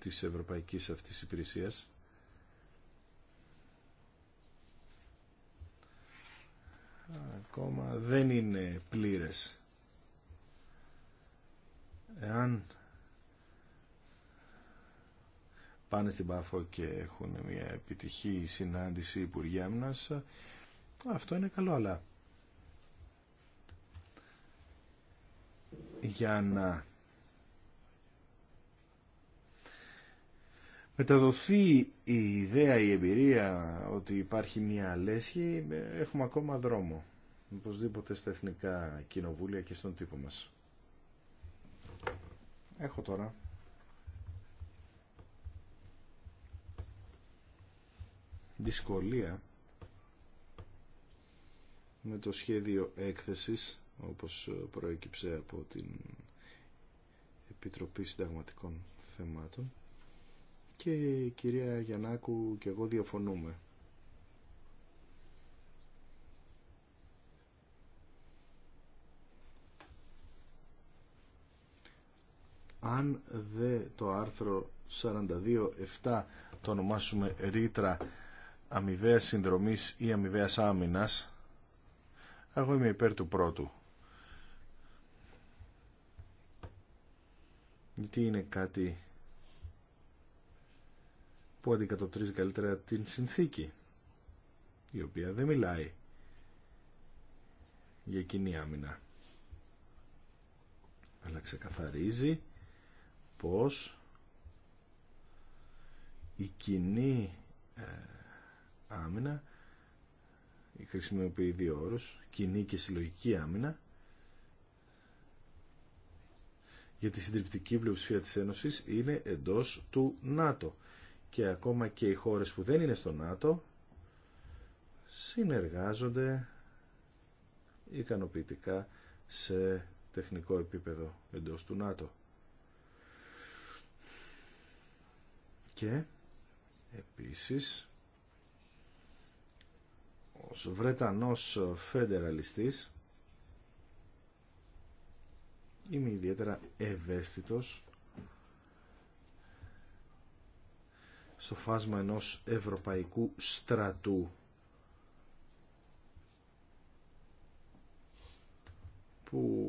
της ευρωπαϊκής αυτής υπηρεσίας ακόμα δεν είναι πλήρες εάν πάνε στην Πάφο και έχουν μια επιτυχή συνάντηση Υπουργέ Άμυνας, αυτό είναι καλό, αλλά για να μεταδοθεί η ιδέα, η εμπειρία ότι υπάρχει μια λέσχη, έχουμε ακόμα δρόμο. Οπωσδήποτε στα εθνικά κοινοβούλια και στον τύπο μας. Έχω τώρα δυσκολία με το σχέδιο έκθεσης όπως προέκυψε από την Επιτροπή Συνταγματικών Θεμάτων και η κυρία Γιαννάκου και εγώ διαφωνούμε αν δε το άρθρο 42.7 το ονομάσουμε ρήτρα αμοιβαία συνδρομής ή αμοιβαία άμυνα, εγώ είμαι υπέρ του πρώτου. Γιατί είναι κάτι που αντικατοπτρίζει καλύτερα την συνθήκη, η οποία δεν μιλάει για κοινή άμυνα αλλά ξεκαθαρίζει πως η κοινή ε, άμυνα η χρησιμοποιεί δύο όρους κοινή και συλλογική άμυνα για τη συντριπτική πλειοψηφία της Ένωσης είναι εντός του ΝΑΤΟ και ακόμα και οι χώρες που δεν είναι στο ΝΑΤΟ συνεργάζονται ικανοποιητικά σε τεχνικό επίπεδο εντός του ΝΑΤΟ. και επίσης ως Βρετανός φεντεραλιστής είμαι ιδιαίτερα ευαίσθητος στο φάσμα ενός ευρωπαϊκού στρατού που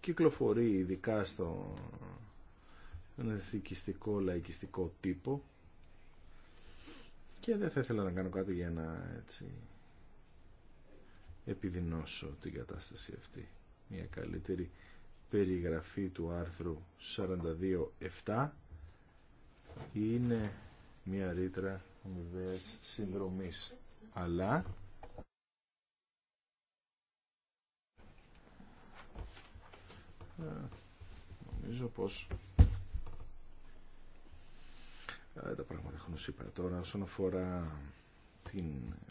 κυκλοφορεί ειδικά στο εθικιστικό λαϊκιστικό τύπο και δεν θα ήθελα να κάνω κάτι για να έτσι, επιδεινώσω την κατάσταση αυτή. Μια καλύτερη περιγραφή του άρθρου 42.7 είναι μια ρήτρα αμοιβαίας συνδρομής. Αλλά ε, νομίζω πως τα πράγματα έχουν σήμερα. Τώρα όσον αφορά την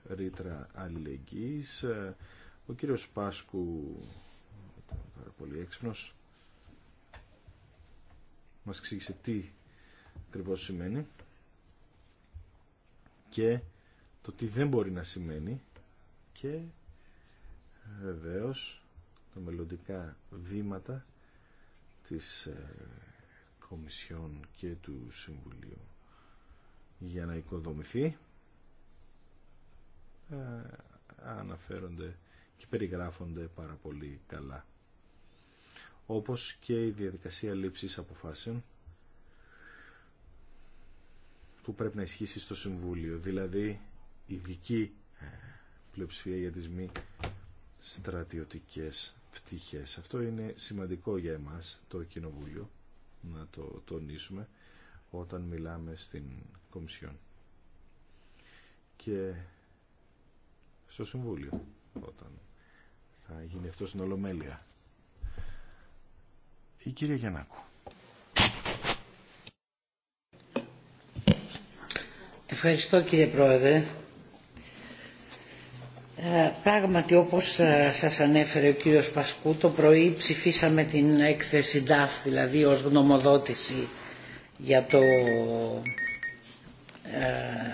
ρήτρα αλληλεγγύης, ε, ο κύριος Πάσκου ήταν πάρα πολύ έξυπνος. Μας εξήγησε τι ακριβώ σημαίνει και το τι δεν μπορεί να σημαίνει και βεβαίω τα μελλοντικά βήματα της ε, Κομισιόν και του Συμβουλίου για να οικοδομηθεί ε, αναφέρονται και περιγράφονται πάρα πολύ καλά. Όπως και η διαδικασία λήψης αποφάσεων που πρέπει να ισχύσει στο Συμβούλιο, δηλαδή ειδική ε, πλειοψηφία για τις μη στρατιωτικές πτυχές. Αυτό είναι σημαντικό για εμάς το Κοινοβούλιο, να το τονίσουμε όταν μιλάμε στην Κομισιόν και στο Συμβούλιο όταν θα γίνει αυτό στην Ολομέλεια. Η κυρία Γιαννάκου. Ευχαριστώ κύριε Πρόεδρε. Ε, πράγματι όπως ε, σας ανέφερε ο κύριος Πασκού το πρωί ψηφίσαμε την έκθεση DAF δηλαδή ως γνωμοδότηση για, το,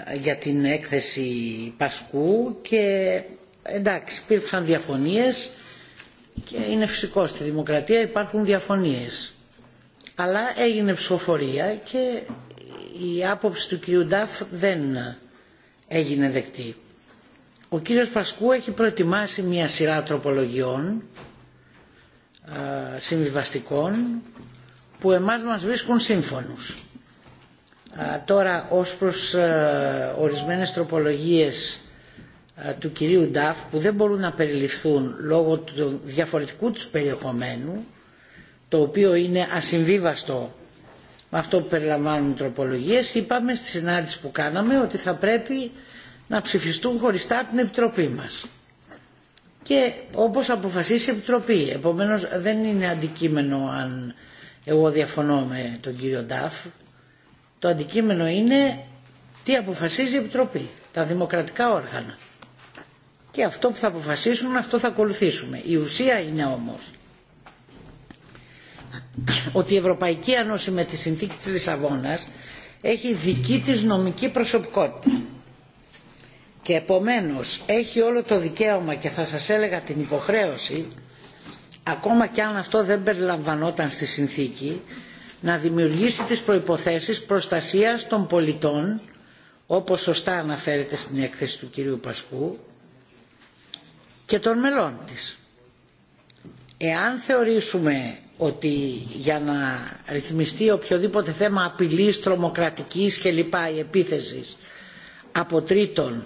ε, για την έκθεση Πασκού και εντάξει υπήρξαν διαφωνίες και είναι φυσικό στη δημοκρατία υπάρχουν διαφωνίες. Αλλά έγινε ψηφοφορία και η άποψη του κυρίου Νταφ δεν έγινε δεκτή. Ο κύριος Πασκού έχει προετοιμάσει μια σειρά τροπολογιών ε, συμβιβαστικών που εμάς μας βρίσκουν σύμφωνους. Τώρα ως προς ε, ορισμένες τροπολογίες ε, του κυρίου Νταφ που δεν μπορούν να περιληφθούν λόγω του διαφορετικού τους περιεχομένου το οποίο είναι ασυμβίβαστο με αυτό που περιλαμβάνουν τροπολογίες είπαμε στη συνάντηση που κάναμε ότι θα πρέπει να ψηφιστούν χωριστά την Επιτροπή μας και όπως αποφασίσει η Επιτροπή επομένως δεν είναι αντικείμενο αν εγώ διαφωνώ με τον κύριο Νταφ. Το αντικείμενο είναι τι αποφασίζει η Επιτροπή, τα δημοκρατικά όργανα. Και αυτό που θα αποφασίσουν, αυτό θα ακολουθήσουμε. Η ουσία είναι όμως ότι η Ευρωπαϊκή Ανώση με τη συνθήκη της Λισαβόνας έχει δική της νομική προσωπικότητα. Και επομένως έχει όλο το δικαίωμα και θα σας έλεγα την υποχρέωση ακόμα κι αν αυτό δεν περιλαμβανόταν στη συνθήκη, να δημιουργήσει τις προϋποθέσεις προστασίας των πολιτών, όπως σωστά αναφέρεται στην έκθεση του κυρίου Πασκού, και των μελών της. Εάν θεωρήσουμε ότι για να ρυθμιστεί οποιοδήποτε θέμα απειλής, τρομοκρατικής λοιπά η επίθεση από τρίτων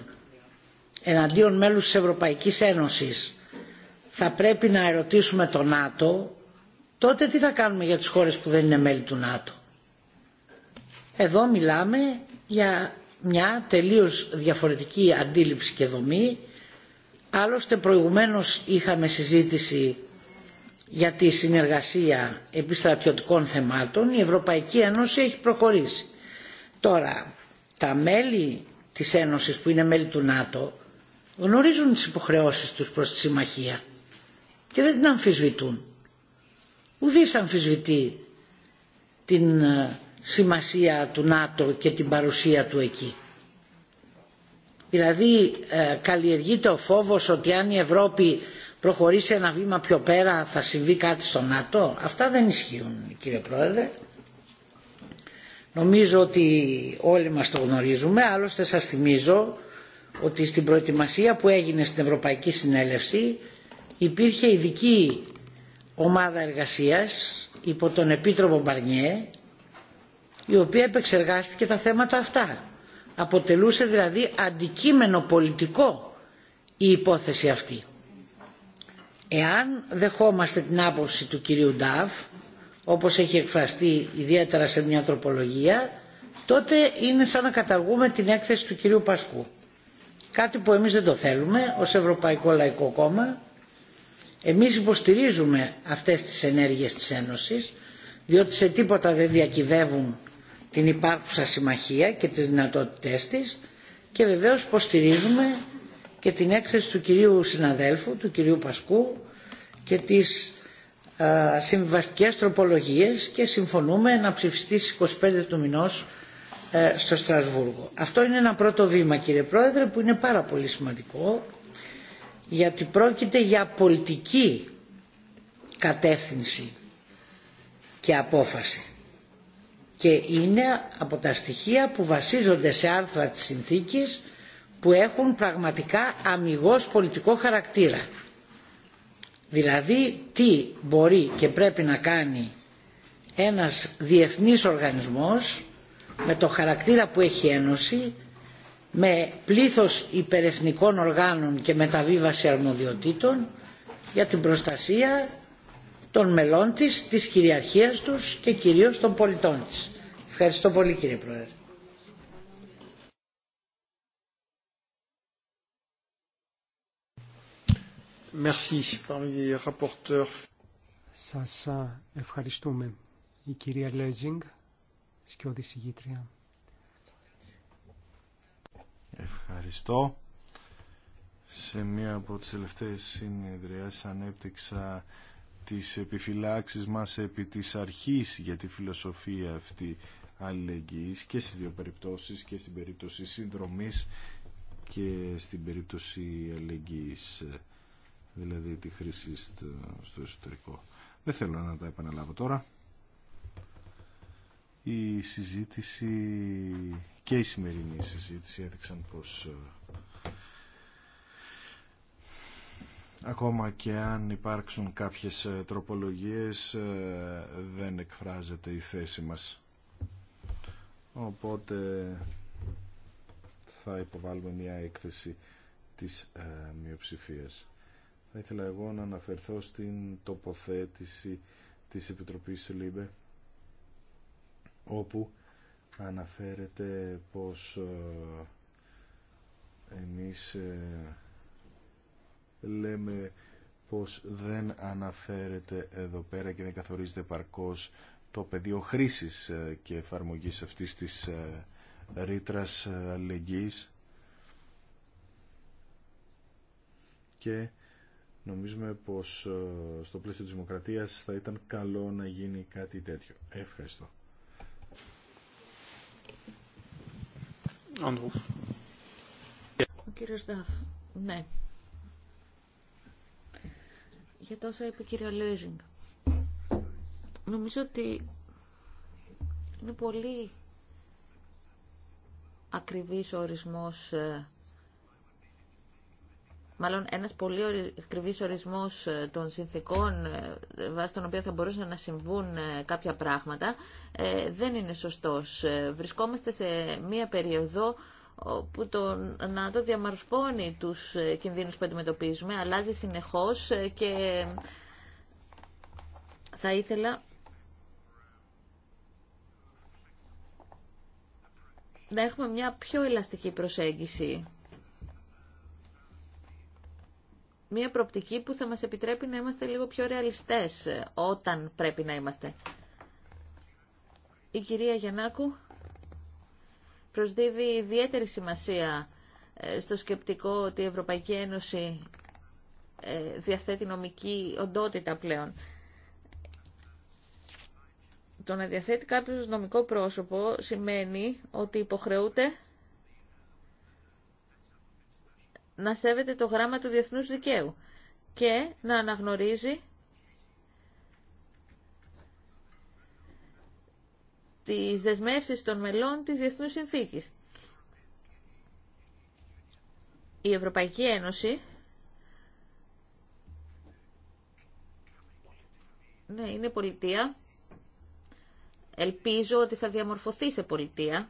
εναντίον μέλους της Ευρωπαϊκής Ένωσης θα πρέπει να ερωτήσουμε το ΝΑΤΟ, τότε τι θα κάνουμε για τις χώρες που δεν είναι μέλη του ΝΑΤΟ. Εδώ μιλάμε για μια τελείως διαφορετική αντίληψη και δομή. Άλλωστε προηγουμένως είχαμε συζήτηση για τη συνεργασία επιστρατιωτικών θεμάτων. Η Ευρωπαϊκή Ένωση έχει προχωρήσει. Τώρα, τα μέλη της Ένωσης που είναι μέλη του ΝΑΤΟ γνωρίζουν τις υποχρεώσεις τους προς τη Συμμαχία και δεν την αμφισβητούν. Ουδής αμφισβητεί την ε, σημασία του ΝΑΤΟ και την παρουσία του εκεί. Δηλαδή ε, καλλιεργείται ο φόβος ότι αν η Ευρώπη προχωρήσει ένα βήμα πιο πέρα θα συμβεί κάτι στο ΝΑΤΟ. Αυτά δεν ισχύουν κύριε Πρόεδρε. Νομίζω ότι όλοι μας το γνωρίζουμε, άλλωστε σας θυμίζω ότι στην προετοιμασία που έγινε στην Ευρωπαϊκή Συνέλευση υπήρχε ειδική ομάδα εργασίας υπό τον Επίτροπο Μπαρνιέ η οποία επεξεργάστηκε τα θέματα αυτά. Αποτελούσε δηλαδή αντικείμενο πολιτικό η υπόθεση αυτή. Εάν δεχόμαστε την άποψη του κυρίου Ντάφ, όπως έχει εκφραστεί ιδιαίτερα σε μια τροπολογία, τότε είναι σαν να καταργούμε την έκθεση του κυρίου Πασκού. Κάτι που εμείς δεν το θέλουμε ως Ευρωπαϊκό Λαϊκό Κόμμα εμείς υποστηρίζουμε αυτές τις ενέργειες της Ένωσης, διότι σε τίποτα δεν διακυβεύουν την υπάρχουσα συμμαχία και τις δυνατότητές της και βεβαίως υποστηρίζουμε και την έκθεση του κυρίου συναδέλφου, του κυρίου Πασκού και τις α, συμβιβαστικές τροπολογίες και συμφωνούμε να ψηφιστεί στις 25 του μηνός ε, στο Στρασβούργο. Αυτό είναι ένα πρώτο βήμα κύριε Πρόεδρε που είναι πάρα πολύ σημαντικό γιατί πρόκειται για πολιτική κατεύθυνση και απόφαση και είναι από τα στοιχεία που βασίζονται σε άρθρα της συνθήκης που έχουν πραγματικά αμυγός πολιτικό χαρακτήρα. Δηλαδή τι μπορεί και πρέπει να κάνει ένας διεθνής οργανισμός με το χαρακτήρα που έχει ένωση με πλήθος υπερεθνικών οργάνων και μεταβίβαση αρμοδιοτήτων για την προστασία των μελών της, της κυριαρχίας τους και κυρίως των πολιτών της. Ευχαριστώ πολύ κύριε Πρόεδρε. Merci. Σας ευχαριστούμε. Η κυρία Λέζινγκ, σκιώδη συγγήτρια. Ευχαριστώ. Σε μία από τις τελευταίες συνεδριάσεις ανέπτυξα τις επιφυλάξεις μας επί της αρχής για τη φιλοσοφία αυτή αλληλεγγύης και στις δύο περιπτώσεις και στην περίπτωση συνδρομής και στην περίπτωση αλληλεγγύης δηλαδή τη χρήση στο, εσωτερικό. Δεν θέλω να τα επαναλάβω τώρα. Η συζήτηση και η σημερινή συζήτηση έδειξαν πως ε, ακόμα και αν υπάρξουν κάποιες ε, τροπολογίες ε, δεν εκφράζεται η θέση μας. Οπότε θα υποβάλουμε μια έκθεση της μειοψηφίας. Θα ήθελα εγώ να αναφερθώ στην τοποθέτηση της Επιτροπής ΛΥΜΕ όπου αναφέρεται πως ε, εμείς ε, λέμε πως δεν αναφέρεται εδώ πέρα και δεν καθορίζεται παρκώς το πεδίο χρήσης ε, και εφαρμογής αυτής της ρήτρα αλληλεγγύης και νομίζουμε πως στο πλαίσιο της δημοκρατίας θα ήταν καλό να γίνει κάτι τέτοιο. Ευχαριστώ. Ο κύριος Δαφ, ναι. Για τόσα είπε η κυρία Λέζινγκ. Νομίζω ότι είναι πολύ ακριβής ο ορισμός ε, μάλλον ένας πολύ ακριβή ορισμός ε, των συνθήκων ε, βάσει των οποίων θα μπορούσαν να συμβούν ε, κάποια πράγματα δεν είναι σωστός. Βρισκόμαστε σε μία περίοδο που το να το διαμορφώνει τους κινδύνους που αντιμετωπίζουμε, αλλάζει συνεχώς και θα ήθελα να έχουμε μια πιο ελαστική προσέγγιση μια προπτική που θα μας επιτρέπει να είμαστε λίγο πιο ρεαλιστές ε, όταν πρέπει να είμαστε. Η κυρία Γιαννάκου προσδίδει ιδιαίτερη σημασία ε, στο σκεπτικό ότι η Ευρωπαϊκή Ένωση ε, διαθέτει νομική οντότητα πλέον. Το να διαθέτει κάποιος νομικό πρόσωπο σημαίνει ότι υποχρεούται να σέβεται το γράμμα του διεθνούς δικαίου και να αναγνωρίζει τις δεσμεύσεις των μελών της Διεθνούς Συνθήκης. Η Ευρωπαϊκή Ένωση ναι, είναι πολιτεία. Ελπίζω ότι θα διαμορφωθεί σε πολιτεία.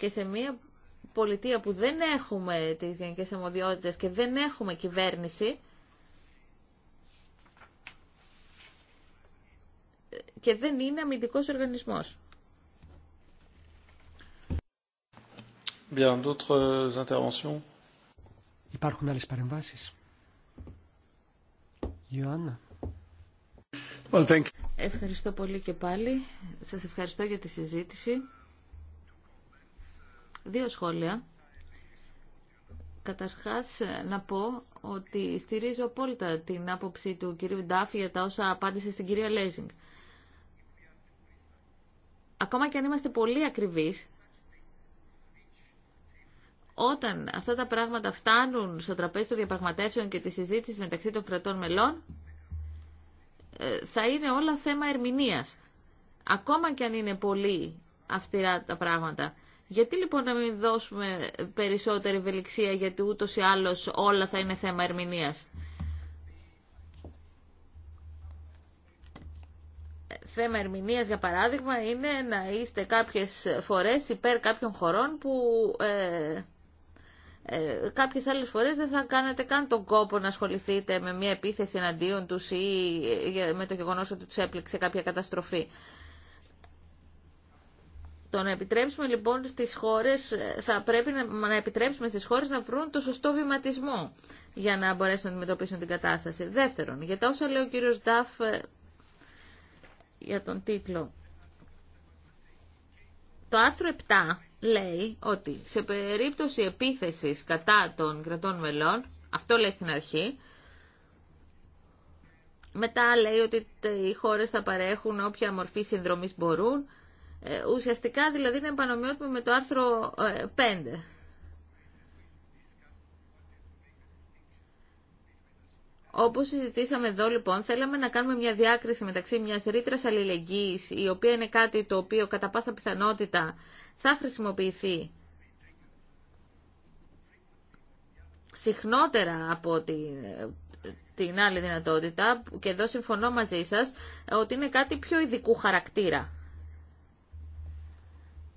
και σε μια πολιτεία που δεν έχουμε τις γενικές αμμοδιότητες και δεν έχουμε κυβέρνηση και δεν είναι αμυντικός οργανισμός. Υπάρχουν άλλες παρεμβάσεις. Ιωάννα. Ευχαριστώ πολύ και πάλι. Σας ευχαριστώ για τη συζήτηση. Δύο σχόλια. Καταρχάς να πω ότι στηρίζω απόλυτα την άποψη του κυρίου Ντάφη για τα όσα απάντησε στην κυρία Λέζινγκ. Ακόμα και αν είμαστε πολύ ακριβείς, όταν αυτά τα πράγματα φτάνουν στο τραπέζι των διαπραγματεύσεων και τη συζήτηση μεταξύ των κρατών μελών, ε, θα είναι όλα θέμα ερμηνείας. Ακόμα και αν είναι πολύ αυστηρά τα πράγματα. Γιατί λοιπόν να μην δώσουμε περισσότερη ευελιξία γιατί ούτως ή άλλως όλα θα είναι θέμα ερμηνείας. θέμα ερμηνείας για παράδειγμα είναι να είστε κάποιες φορές υπέρ κάποιων χωρών που ε, ε, κάποιες άλλες φορές δεν θα κάνετε καν τον κόπο να ασχοληθείτε με μια επίθεση εναντίον τους ή ε, με το γεγονός ότι τους έπληξε κάποια καταστροφή. Το να επιτρέψουμε λοιπόν στις χώρες, θα πρέπει να, να επιτρέψουμε στις χώρες να βρουν το σωστό βηματισμό για να μπορέσουν να αντιμετωπίσουν την κατάσταση. Δεύτερον, για τα όσα λέει ο κύριος Νταφ ε, για τον τίτλο. Το άρθρο 7 λέει ότι σε περίπτωση επίθεσης κατά των κρατών μελών, αυτό λέει στην αρχή, μετά λέει ότι οι χώρες θα παρέχουν όποια μορφή συνδρομής μπορούν, ε, ουσιαστικά δηλαδή είναι επανομοιότυπο με το άρθρο 5. Ε, Όπως συζητήσαμε εδώ λοιπόν, θέλαμε να κάνουμε μια διάκριση μεταξύ μιας ρήτρα αλληλεγγύης, η οποία είναι κάτι το οποίο κατά πάσα πιθανότητα θα χρησιμοποιηθεί συχνότερα από την, την άλλη δυνατότητα, και εδώ συμφωνώ μαζί σας, ότι είναι κάτι πιο ειδικού χαρακτήρα.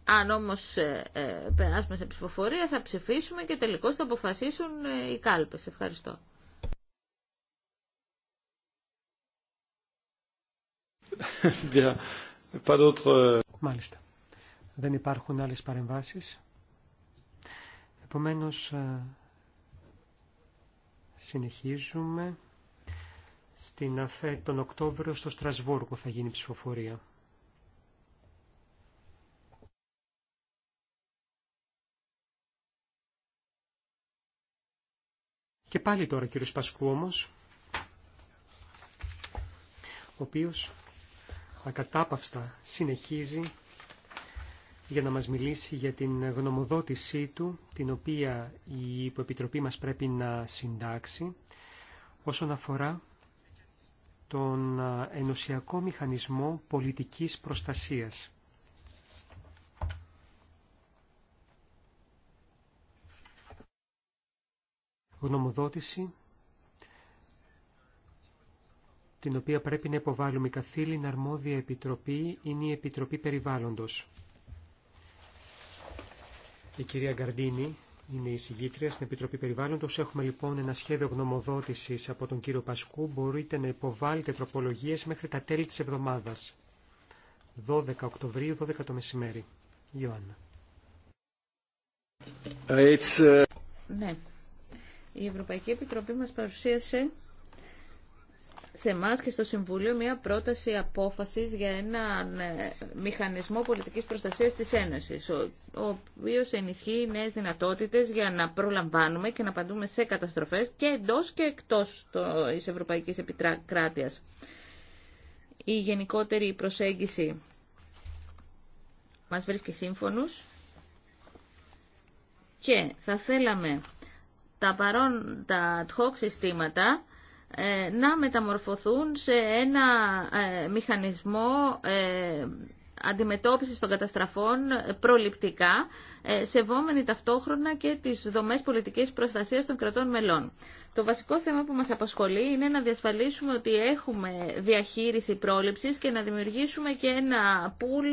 Αν όμως ε, ε, περάσουμε σε ψηφοφορία θα ψηφίσουμε και τελικώς θα αποφασίσουν ε, οι κάλπες. Ευχαριστώ. Euh, Μάλιστα. Δεν υπάρχουν άλλες παρεμβάσεις. Επομένως, συνεχίζουμε. Στην ΑΦΕ τον Οκτώβριο στο Στρασβούργο θα γίνει ψηφοφορία. Και πάλι τώρα ο κύριος Πασκού όμως, ο οποίος ακατάπαυστα συνεχίζει για να μας μιλήσει για την γνωμοδότησή του, την οποία η υποεπιτροπή μας πρέπει να συντάξει, όσον αφορά τον ενωσιακό μηχανισμό πολιτικής προστασίας. γνωμοδότηση την οποία πρέπει να υποβάλουμε. Η καθήλυνα αρμόδια επιτροπή είναι η Επιτροπή Περιβάλλοντος. Η κυρία Γκαρντίνη είναι η συγγήτρια στην Επιτροπή Περιβάλλοντος. Έχουμε λοιπόν ένα σχέδιο γνωμοδότησης από τον κύριο Πασκού. Μπορείτε να υποβάλλετε τροπολογίες μέχρι τα τέλη της εβδομάδας. 12 Οκτωβρίου, 12 το μεσημέρι. Ιωάννα. Uh, ναι, η Ευρωπαϊκή Επιτροπή μας παρουσίασε σε εμά και στο Συμβούλιο μια πρόταση απόφασης για ένα ε, μηχανισμό πολιτικής προστασίας της Ένωσης, ο, ο οποίος ενισχύει νέες δυνατότητες για να προλαμβάνουμε και να απαντούμε σε καταστροφές και εντός και εκτός της Ευρωπαϊκής Επικράτειας. Η γενικότερη προσέγγιση μας βρίσκει σύμφωνους και θα θέλαμε τα παρόντα ad συστήματα ε, να μεταμορφωθούν σε ένα ε, μηχανισμό ε, αντιμετώπισης των καταστραφών προληπτικά, σεβόμενοι ταυτόχρονα και τις δομές πολιτικής προστασίας των κρατών μελών. Το βασικό θέμα που μας απασχολεί είναι να διασφαλίσουμε ότι έχουμε διαχείριση πρόληψης και να δημιουργήσουμε και ένα πουλ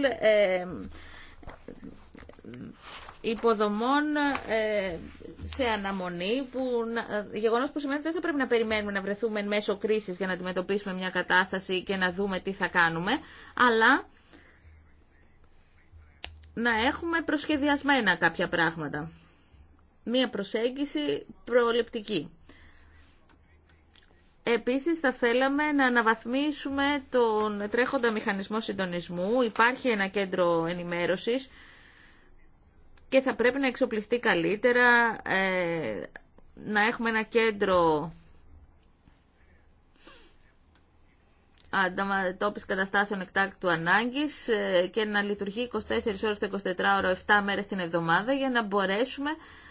υποδομών ε, σε αναμονή, που, ε, γεγονός που σημαίνει ότι δεν θα πρέπει να περιμένουμε να βρεθούμε εν μέσω κρίσης για να αντιμετωπίσουμε μια κατάσταση και να δούμε τι θα κάνουμε, αλλά να έχουμε προσχεδιασμένα κάποια πράγματα. Μία προσέγγιση προληπτική. Επίσης θα θέλαμε να αναβαθμίσουμε τον τρέχοντα μηχανισμό συντονισμού. Υπάρχει ένα κέντρο ενημέρωσης και θα πρέπει να εξοπλιστεί καλύτερα, ε, να έχουμε ένα κέντρο αντιμετώπιση καταστάσεων εκτάκτου ανάγκης ε, και να λειτουργεί 24 ώρες το 24 ώρο, 7 μέρες την εβδομάδα για να μπορέσουμε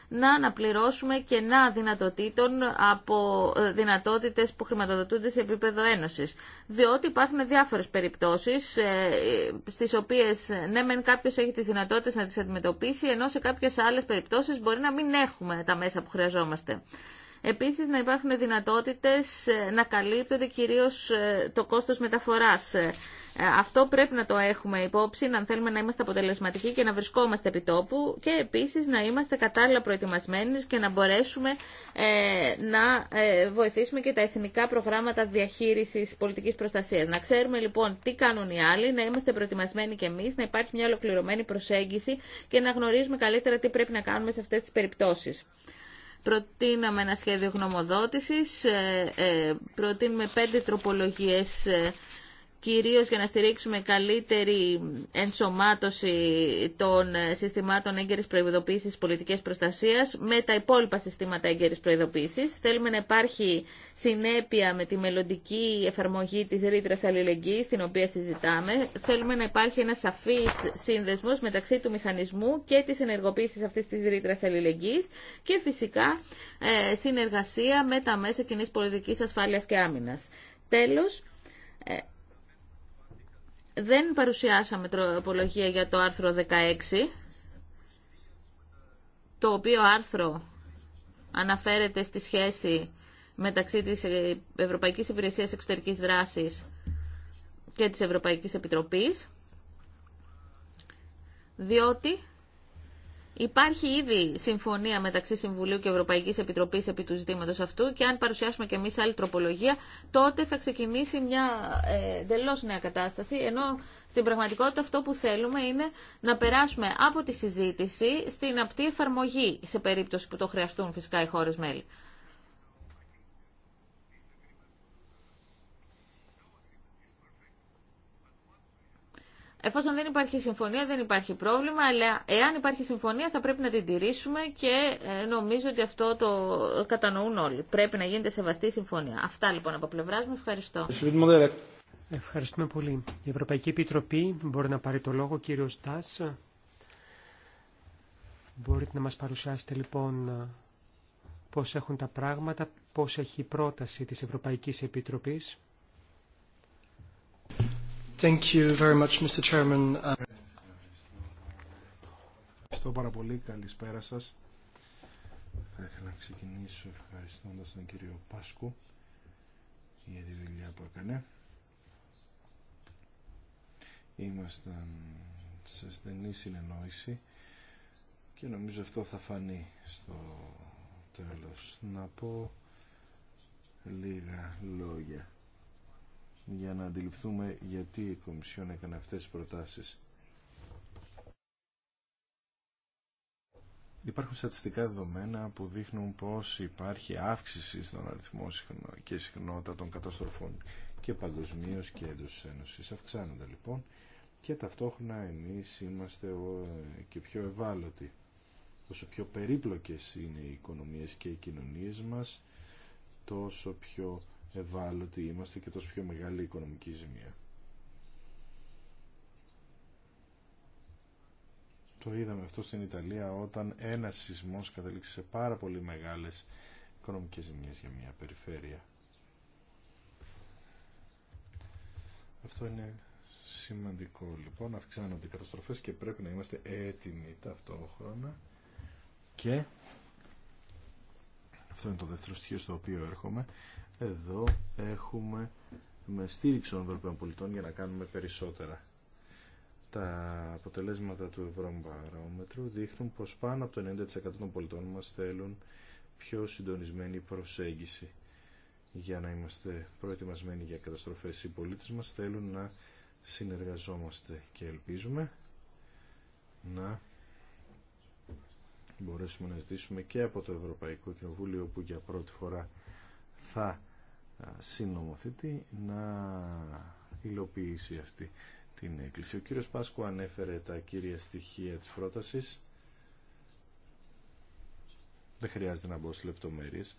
να αναπληρώσουμε κενά δυνατοτήτων από ε, δυνατότητες που χρηματοδοτούνται σε επίπεδο ένωσης. Διότι υπάρχουν διάφορες περιπτώσεις ε, στις οποίες ναι μεν κάποιος έχει τις δυνατότητες να τις αντιμετωπίσει ενώ σε κάποιες άλλες περιπτώσεις μπορεί να μην έχουμε τα μέσα που χρειαζόμαστε. Επίσης να υπάρχουν δυνατότητες ε, να καλύπτονται κυρίως ε, το κόστος μεταφοράς. Ε, αυτό πρέπει να το έχουμε υπόψη, να θέλουμε να είμαστε αποτελεσματικοί και να βρισκόμαστε επί τόπου και επίσης να είμαστε κατάλληλα προετοιμασμένοι και να μπορέσουμε να βοηθήσουμε και τα εθνικά προγράμματα διαχείρισης πολιτικής προστασίας. Να ξέρουμε λοιπόν τι κάνουν οι άλλοι, να είμαστε προετοιμασμένοι και εμείς, να υπάρχει μια ολοκληρωμένη προσέγγιση και να γνωρίζουμε καλύτερα τι πρέπει να κάνουμε σε αυτές τις περιπτώσεις. Προτείναμε ένα σχέδιο γνωμοδότησης, ε, ε, προτείνουμε πέντε τροπολογίες ε, κυρίως για να στηρίξουμε καλύτερη ενσωμάτωση των συστημάτων έγκαιρης προειδοποίησης πολιτικής προστασίας με τα υπόλοιπα συστήματα έγκαιρης προειδοποίησης. Θέλουμε να υπάρχει συνέπεια με τη μελλοντική εφαρμογή της ρήτρα αλληλεγγύης, την οποία συζητάμε. Θέλουμε να υπάρχει ένα σαφής σύνδεσμος μεταξύ του μηχανισμού και της ενεργοποίησης αυτής της ρήτρα αλληλεγγύης και φυσικά ε, συνεργασία με τα μέσα κοινή πολιτικής ασφάλειας και άμυνας. Τέλος, ε, δεν παρουσιάσαμε τροπολογία για το άρθρο 16, το οποίο άρθρο αναφέρεται στη σχέση μεταξύ της Ευρωπαϊκής Υπηρεσίας Εξωτερικής Δράσης και της Ευρωπαϊκής Επιτροπής, διότι Υπάρχει ήδη συμφωνία μεταξύ Συμβουλίου και Ευρωπαϊκής Επιτροπής επί του ζητήματος αυτού και αν παρουσιάσουμε και εμείς άλλη τροπολογία, τότε θα ξεκινήσει μια ε, εντελώ νέα κατάσταση, ενώ στην πραγματικότητα αυτό που θέλουμε είναι να περάσουμε από τη συζήτηση στην απτή εφαρμογή, σε περίπτωση που το χρειαστούν φυσικά οι χώρες μέλη. Εφόσον δεν υπάρχει συμφωνία δεν υπάρχει πρόβλημα, αλλά εάν υπάρχει συμφωνία θα πρέπει να την τηρήσουμε και ε, νομίζω ότι αυτό το κατανοούν όλοι. Πρέπει να γίνεται σεβαστή συμφωνία. Αυτά λοιπόν από πλευρά μου. Ευχαριστώ. Ευχαριστούμε πολύ. Η Ευρωπαϊκή Επιτροπή μπορεί να πάρει το λόγο, κύριο Στά. Μπορείτε να μας παρουσιάσετε λοιπόν πώς έχουν τα πράγματα, πώς έχει η πρόταση της Ευρωπαϊκής Επιτροπής. Thank you very much, Mr. Chairman. Ευχαριστώ πάρα πολύ. Καλησπέρα σας. Θα ήθελα να ξεκινήσω ευχαριστώντας τον κύριο Πάσκου για τη δουλειά που έκανε. Ήμασταν σε στενή συνεννόηση και νομίζω αυτό θα φανεί στο τέλος. Να πω λίγα λόγια για να αντιληφθούμε γιατί η Κομισιόν έκανε αυτές τις προτάσεις. Υπάρχουν στατιστικά δεδομένα που δείχνουν πως υπάρχει αύξηση στον αριθμό και συχνότητα των καταστροφών και παγκοσμίω και εντός της Ένωσης. Αυξάνονται λοιπόν και ταυτόχρονα εμείς είμαστε και πιο ευάλωτοι. Όσο πιο περίπλοκες είναι οι οικονομίες και οι κοινωνίες μας, τόσο πιο ευάλωτοι είμαστε και τόσο πιο μεγάλη οικονομική ζημία. Το είδαμε αυτό στην Ιταλία όταν ένας σεισμός καταλήξει σε πάρα πολύ μεγάλες οικονομικές ζημίες για μια περιφέρεια. Αυτό είναι σημαντικό λοιπόν. Αυξάνονται οι καταστροφές και πρέπει να είμαστε έτοιμοι ταυτόχρονα και αυτό είναι το δεύτερο στοιχείο στο οποίο έρχομαι. Εδώ έχουμε με στήριξη των Ευρωπαίων πολιτών για να κάνουμε περισσότερα. Τα αποτελέσματα του Ευρωμπαρόμετρου δείχνουν πως πάνω από το 90% των πολιτών μας θέλουν πιο συντονισμένη προσέγγιση για να είμαστε προετοιμασμένοι για καταστροφές. Οι πολίτες μας θέλουν να συνεργαζόμαστε και ελπίζουμε να μπορέσουμε να ζητήσουμε και από το Ευρωπαϊκό Κοινοβούλιο που για πρώτη φορά θα συνομοθετεί να υλοποιήσει αυτή την έκκληση. Ο κύριος Πάσκου ανέφερε τα κύρια στοιχεία της πρότασης. Δεν χρειάζεται να μπω σε λεπτομέρειες,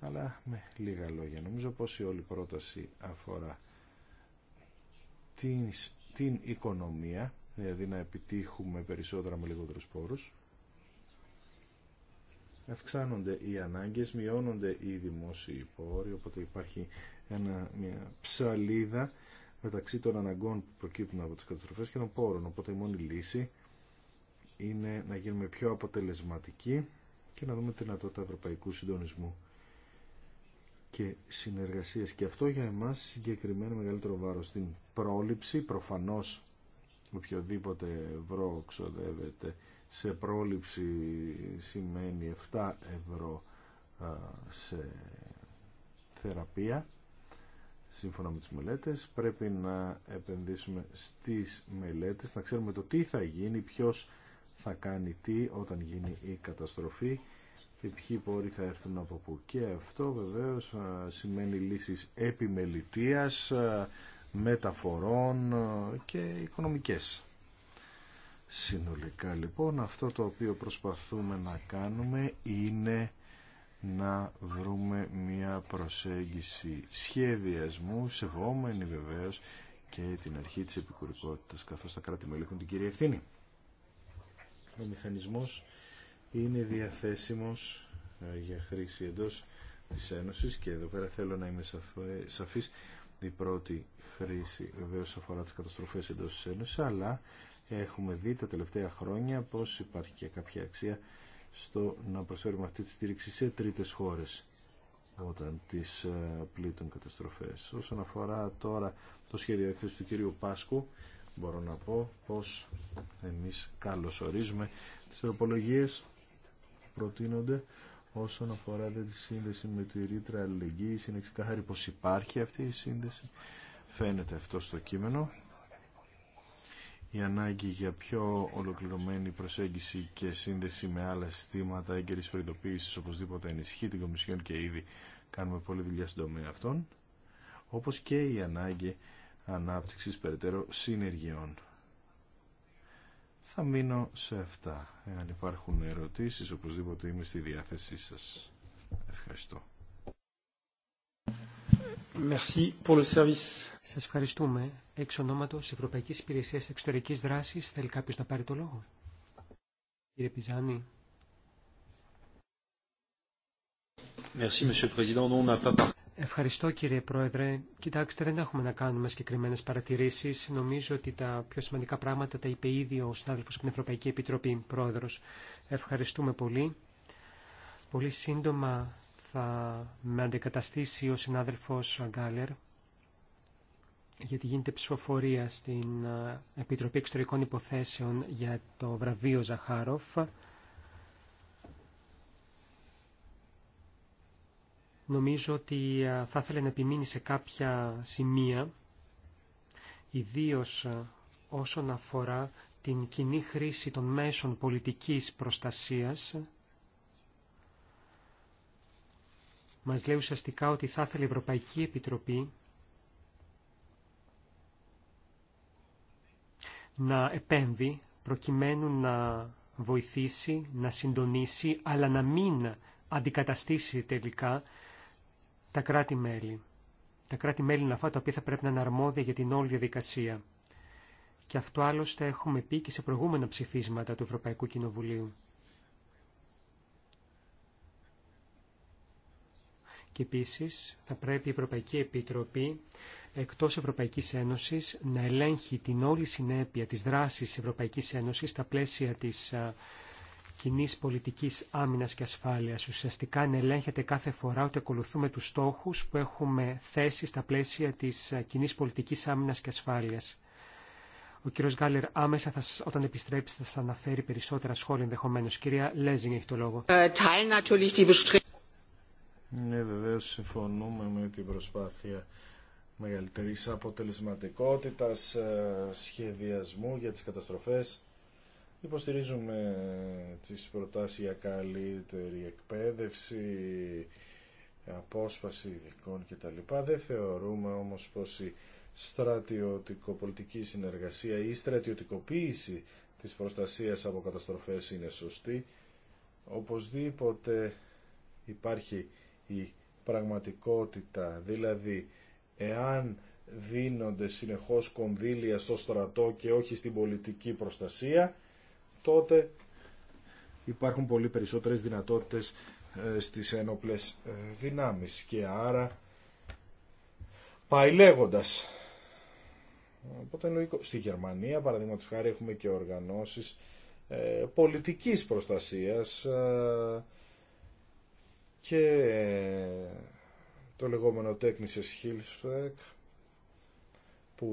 αλλά με λίγα λόγια. Νομίζω πως η όλη πρόταση αφορά την, την οικονομία, δηλαδή να επιτύχουμε περισσότερα με λιγότερους πόρους, αυξάνονται οι ανάγκες, μειώνονται οι δημόσιοι πόροι, οπότε υπάρχει ένα, μια ψαλίδα μεταξύ των αναγκών που προκύπτουν από τις καταστροφές και των πόρων. Οπότε η μόνη λύση είναι να γίνουμε πιο αποτελεσματικοί και να δούμε τη δυνατότητα ευρωπαϊκού συντονισμού και συνεργασίες. Και αυτό για εμάς συγκεκριμένο μεγαλύτερο βάρος στην πρόληψη, προφανώς οποιοδήποτε ευρώ ξοδεύεται σε πρόληψη σημαίνει 7 ευρώ σε θεραπεία σύμφωνα με τις μελέτες πρέπει να επενδύσουμε στις μελέτες να ξέρουμε το τι θα γίνει ποιος θα κάνει τι όταν γίνει η καταστροφή και ποιοι πόροι θα έρθουν από πού και αυτό βεβαίως σημαίνει λύσεις επιμελητίας μεταφορών και οικονομικές Συνολικά λοιπόν αυτό το οποίο προσπαθούμε να κάνουμε είναι να βρούμε μια προσέγγιση σχεδιασμού, σεβόμενη βεβαίως και την αρχή της επικουρικότητας, καθώς τα κράτη-μέλη την κυρία ευθύνη. Ο μηχανισμός είναι διαθέσιμος ε, για χρήση εντός της Ένωσης και εδώ πέρα θέλω να είμαι σαφής η πρώτη χρήση βεβαίως αφορά τις καταστροφές εντός της Ένωσης αλλά Έχουμε δει τα τελευταία χρόνια πως υπάρχει και κάποια αξία στο να προσφέρουμε αυτή τη στήριξη σε τρίτες χώρες όταν τις ε, πλήττουν καταστροφές. Όσον αφορά τώρα το σχέδιο έκθεση του κυρίου Πάσκου, μπορώ να πω πως εμείς καλωσορίζουμε τις που προτείνονται όσον αφορά τη σύνδεση με τη ρήτρα αλληλεγγύης. Είναι ξεκάθαρη πως υπάρχει αυτή η σύνδεση. Φαίνεται αυτό στο κείμενο η ανάγκη για πιο ολοκληρωμένη προσέγγιση και σύνδεση με άλλα συστήματα έγκαιρης προειδοποίηση, οπωσδήποτε ενισχύει την Κομισιόν και ήδη κάνουμε πολλή δουλειά στον τομέα αυτών, όπως και η ανάγκη ανάπτυξης περαιτέρω συνεργειών. Θα μείνω σε αυτά. Εάν υπάρχουν ερωτήσεις, οπωσδήποτε είμαι στη διάθεσή σας. Ευχαριστώ. Merci Σας ευχαριστούμε. Εξ ονόματος Ευρωπαϊκής Υπηρεσίας Εξωτερικής Δράσης, θέλει κάποιος να πάρει το λόγο. Κύριε Πιζάνη. Ευχαριστώ κύριε Πρόεδρε. Κοιτάξτε, δεν έχουμε να κάνουμε συγκεκριμένε παρατηρήσει. Νομίζω ότι τα πιο σημαντικά πράγματα τα είπε ήδη ο συνάδελφο από την Ευρωπαϊκή Επιτροπή, Πρόεδρο. Ευχαριστούμε πολύ. Πολύ σύντομα θα με αντικαταστήσει ο συνάδελφος Γκάλερ γιατί γίνεται ψηφοφορία στην ε, Επιτροπή Εξωτερικών Υποθέσεων για το βραβείο Ζαχάροφ. Νομίζω ότι ε, θα ήθελε να επιμείνει σε κάποια σημεία, ιδίως ε, όσον αφορά την κοινή χρήση των μέσων πολιτικής προστασίας μας λέει ουσιαστικά ότι θα ήθελε η Ευρωπαϊκή Επιτροπή να επέμβει προκειμένου να βοηθήσει, να συντονίσει, αλλά να μην αντικαταστήσει τελικά τα κράτη-μέλη. Τα κράτη-μέλη είναι αυτά τα οποία θα πρέπει να είναι αρμόδια για την όλη διαδικασία. Και αυτό άλλωστε έχουμε πει και σε προηγούμενα ψηφίσματα του Ευρωπαϊκού Κοινοβουλίου. Και επίσης θα πρέπει η Ευρωπαϊκή Επιτροπή εκτός Ευρωπαϊκής Ένωσης να ελέγχει την όλη συνέπεια της δράσης Ευρωπαϊκής Ένωσης στα πλαίσια της κοινή πολιτική άμυνα και ασφάλεια. Ουσιαστικά ελέγχεται κάθε φορά ότι ακολουθούμε του στόχου που έχουμε θέσει στα πλαίσια τη κοινή πολιτική άμυνα και ασφάλεια. Ο κύριος Γκάλερ άμεσα θα, όταν επιστρέψει θα σα αναφέρει περισσότερα σχόλια ενδεχομένω. Κυρία Λέζινγκ έχει το λόγο. Äh, ναι, βεβαίως συμφωνούμε με την προσπάθεια μεγαλύτερης αποτελεσματικότητας, ε, σχεδιασμού για τις καταστροφές. Υποστηρίζουμε τις προτάσεις για καλύτερη εκπαίδευση, απόσπαση ειδικών κτλ. Δεν θεωρούμε όμως πως η στρατιωτικοπολιτική συνεργασία ή η στρατιωτικοποίηση της προστασίας από καταστροφές είναι σωστή. Οπωσδήποτε υπάρχει η πραγματικότητα. Δηλαδή, εάν δίνονται συνεχώς κονδύλια στο στρατό και όχι στην πολιτική προστασία, τότε υπάρχουν πολύ περισσότερες δυνατότητες ε, στις ένοπλες ε, δυνάμεις και άρα πάει λέγοντας. Στη Γερμανία, παραδείγματο χάρη, έχουμε και οργανώσεις ε, πολιτικής προστασίας, και ε, το λεγόμενο Technisys Hillsback που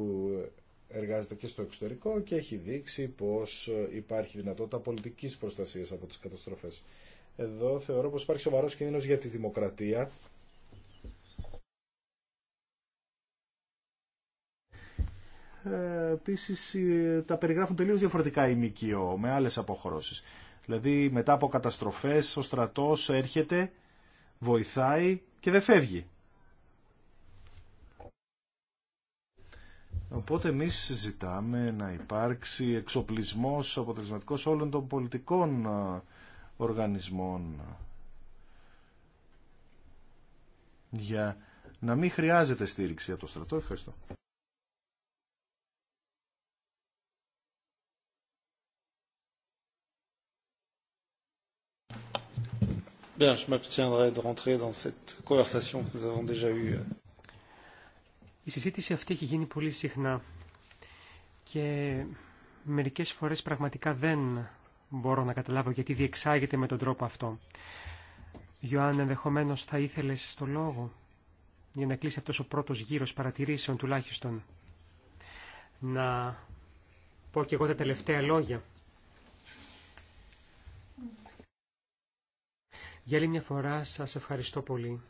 εργάζεται και στο εξωτερικό και έχει δείξει πως ε, υπάρχει δυνατότητα πολιτικής προστασίας από τις καταστροφές. Εδώ θεωρώ πως υπάρχει σοβαρός κίνδυνος για τη δημοκρατία ε, Επίση, τα περιγράφουν τελείως διαφορετικά η ΜΚΟ, με άλλες αποχρώσεις. Δηλαδή, μετά από καταστροφές, ο στρατός έρχεται βοηθάει και δεν φεύγει. Οπότε εμεί ζητάμε να υπάρξει εξοπλισμός αποτελεσματικός όλων των πολιτικών οργανισμών για να μην χρειάζεται στήριξη από το στρατό. Ευχαριστώ. Η συζήτηση αυτή έχει γίνει πολύ συχνά και μερικές φορές πραγματικά δεν μπορώ να καταλάβω γιατί διεξάγεται με τον τρόπο αυτό. Ιωάννη, ενδεχομένω θα ήθελες στο λόγο για να κλείσει αυτός ο πρώτος γύρος παρατηρήσεων τουλάχιστον. Να πω και εγώ τα τελευταία λόγια. Για άλλη μια φορά σας ευχαριστώ πολύ.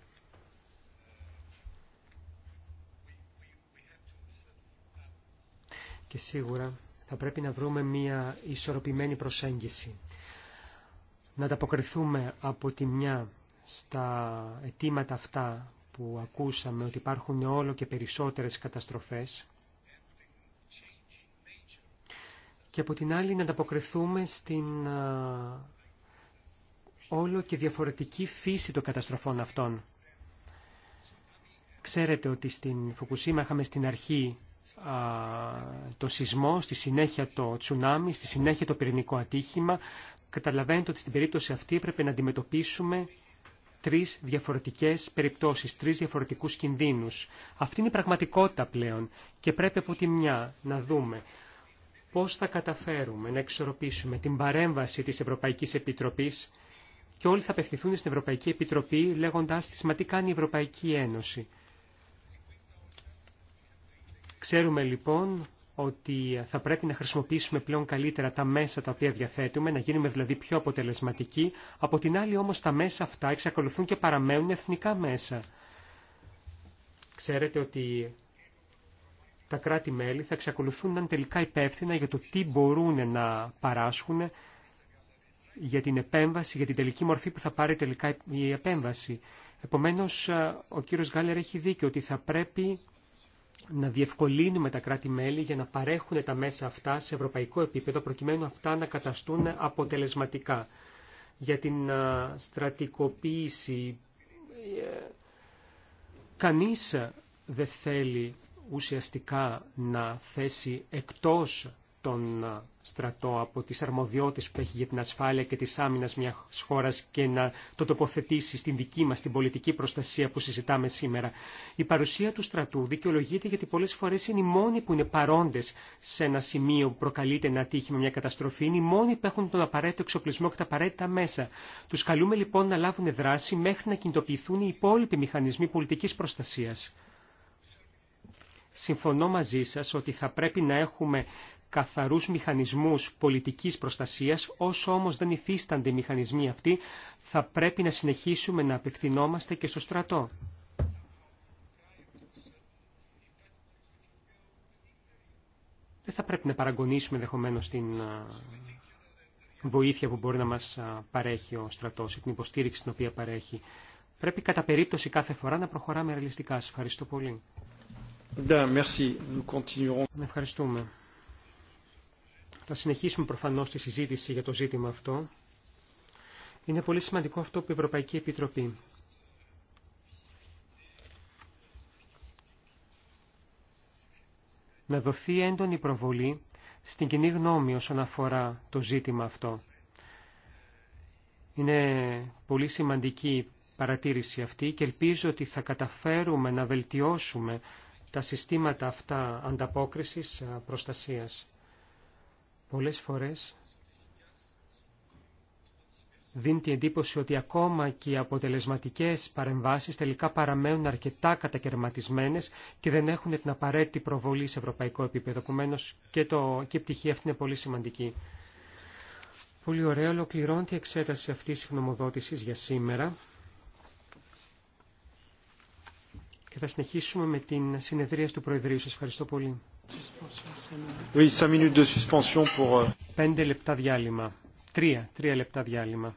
Και σίγουρα θα πρέπει να βρούμε μια ισορροπημένη προσέγγιση. Να ανταποκριθούμε από τη μια στα αιτήματα αυτά που ακούσαμε ότι υπάρχουν όλο και περισσότερες καταστροφές και από την άλλη να ανταποκριθούμε στην όλο και διαφορετική φύση των καταστροφών αυτών. Ξέρετε ότι στην Φουκουσίμα είχαμε στην αρχή α, το σεισμό, στη συνέχεια το τσουνάμι, στη συνέχεια το πυρηνικό ατύχημα. Καταλαβαίνετε ότι στην περίπτωση αυτή έπρεπε να αντιμετωπίσουμε τρεις διαφορετικές περιπτώσεις, τρεις διαφορετικούς κινδύνους. Αυτή είναι η πραγματικότητα πλέον και πρέπει από τη μια να δούμε πώς θα καταφέρουμε να εξορροπήσουμε την παρέμβαση της Ευρωπαϊκής Επιτροπής και όλοι θα απευθυνθούν στην Ευρωπαϊκή Επιτροπή λέγοντας της μα τι κάνει η Ευρωπαϊκή Ένωση. Ξέρουμε λοιπόν ότι θα πρέπει να χρησιμοποιήσουμε πλέον καλύτερα τα μέσα τα οποία διαθέτουμε, να γίνουμε δηλαδή πιο αποτελεσματικοί. Από την άλλη όμως τα μέσα αυτά εξακολουθούν και παραμένουν εθνικά μέσα. Ξέρετε ότι τα κράτη-μέλη θα εξακολουθούν να είναι τελικά υπεύθυνα για το τι μπορούν να παράσχουν για την επέμβαση, για την τελική μορφή που θα πάρει τελικά η επέμβαση. Επομένως, ε, ο κύριος Γκάλερ έχει δίκιο ότι θα πρέπει να διευκολύνουμε τα κράτη-μέλη για να παρέχουν τα μέσα αυτά σε ευρωπαϊκό επίπεδο, προκειμένου αυτά να καταστούν αποτελεσματικά. Για την ε, στρατικοποίηση, ε, κανείς δεν θέλει ουσιαστικά να θέσει εκτός τον ε, στρατό από τις αρμοδιότητες που έχει για την ασφάλεια και τις άμυνας μιας χώρας και να το τοποθετήσει στην δική μας την πολιτική προστασία που συζητάμε σήμερα. Η παρουσία του στρατού δικαιολογείται γιατί πολλές φορές είναι οι μόνοι που είναι παρόντες σε ένα σημείο που προκαλείται ένα ατύχημα, μια καταστροφή, είναι οι μόνοι που έχουν τον απαραίτητο εξοπλισμό και τα απαραίτητα μέσα. Τους καλούμε λοιπόν να λάβουν δράση μέχρι να κινητοποιηθούν οι υπόλοιποι μηχανισμοί πολιτικής προστασίας συμφωνώ μαζί σας ότι θα πρέπει να έχουμε καθαρούς μηχανισμούς πολιτικής προστασίας, όσο όμως δεν υφίστανται οι μηχανισμοί αυτοί, θα πρέπει να συνεχίσουμε να απευθυνόμαστε και στο στρατό. Δεν θα πρέπει να παραγωνίσουμε ενδεχομένω την βοήθεια που μπορεί να μας παρέχει ο στρατός ή την υποστήριξη την οποία παρέχει. Πρέπει κατά περίπτωση κάθε φορά να προχωράμε ρεαλιστικά. Σας ευχαριστώ πολύ. Ευχαριστούμε. Θα συνεχίσουμε προφανώς τη συζήτηση για το ζήτημα αυτό. Είναι πολύ σημαντικό αυτό που η Ευρωπαϊκή Επιτροπή να δοθεί έντονη προβολή στην κοινή γνώμη όσον αφορά το ζήτημα αυτό. Είναι πολύ σημαντική παρατήρηση αυτή και ελπίζω ότι θα καταφέρουμε να βελτιώσουμε τα συστήματα αυτά ανταπόκρισης ε, προστασίας. Πολλές φορές δίνει την εντύπωση ότι ακόμα και οι αποτελεσματικές παρεμβάσεις τελικά παραμένουν αρκετά κατακαιρματισμένες και δεν έχουν την απαραίτητη προβολή σε ευρωπαϊκό επίπεδο. Επομένω και, το, και η πτυχή αυτή είναι πολύ σημαντική. Πολύ ωραία. Ολοκληρώνεται η εξέταση αυτής τη γνωμοδότηση για σήμερα. Και θα συνεχίσουμε με την συνεδρία του Προεδρείου. Σας ευχαριστώ πολύ. Euh, Πέντε 5 5 λεπτά διάλειμμα. 3, 3 λεπτά διάλειμμα.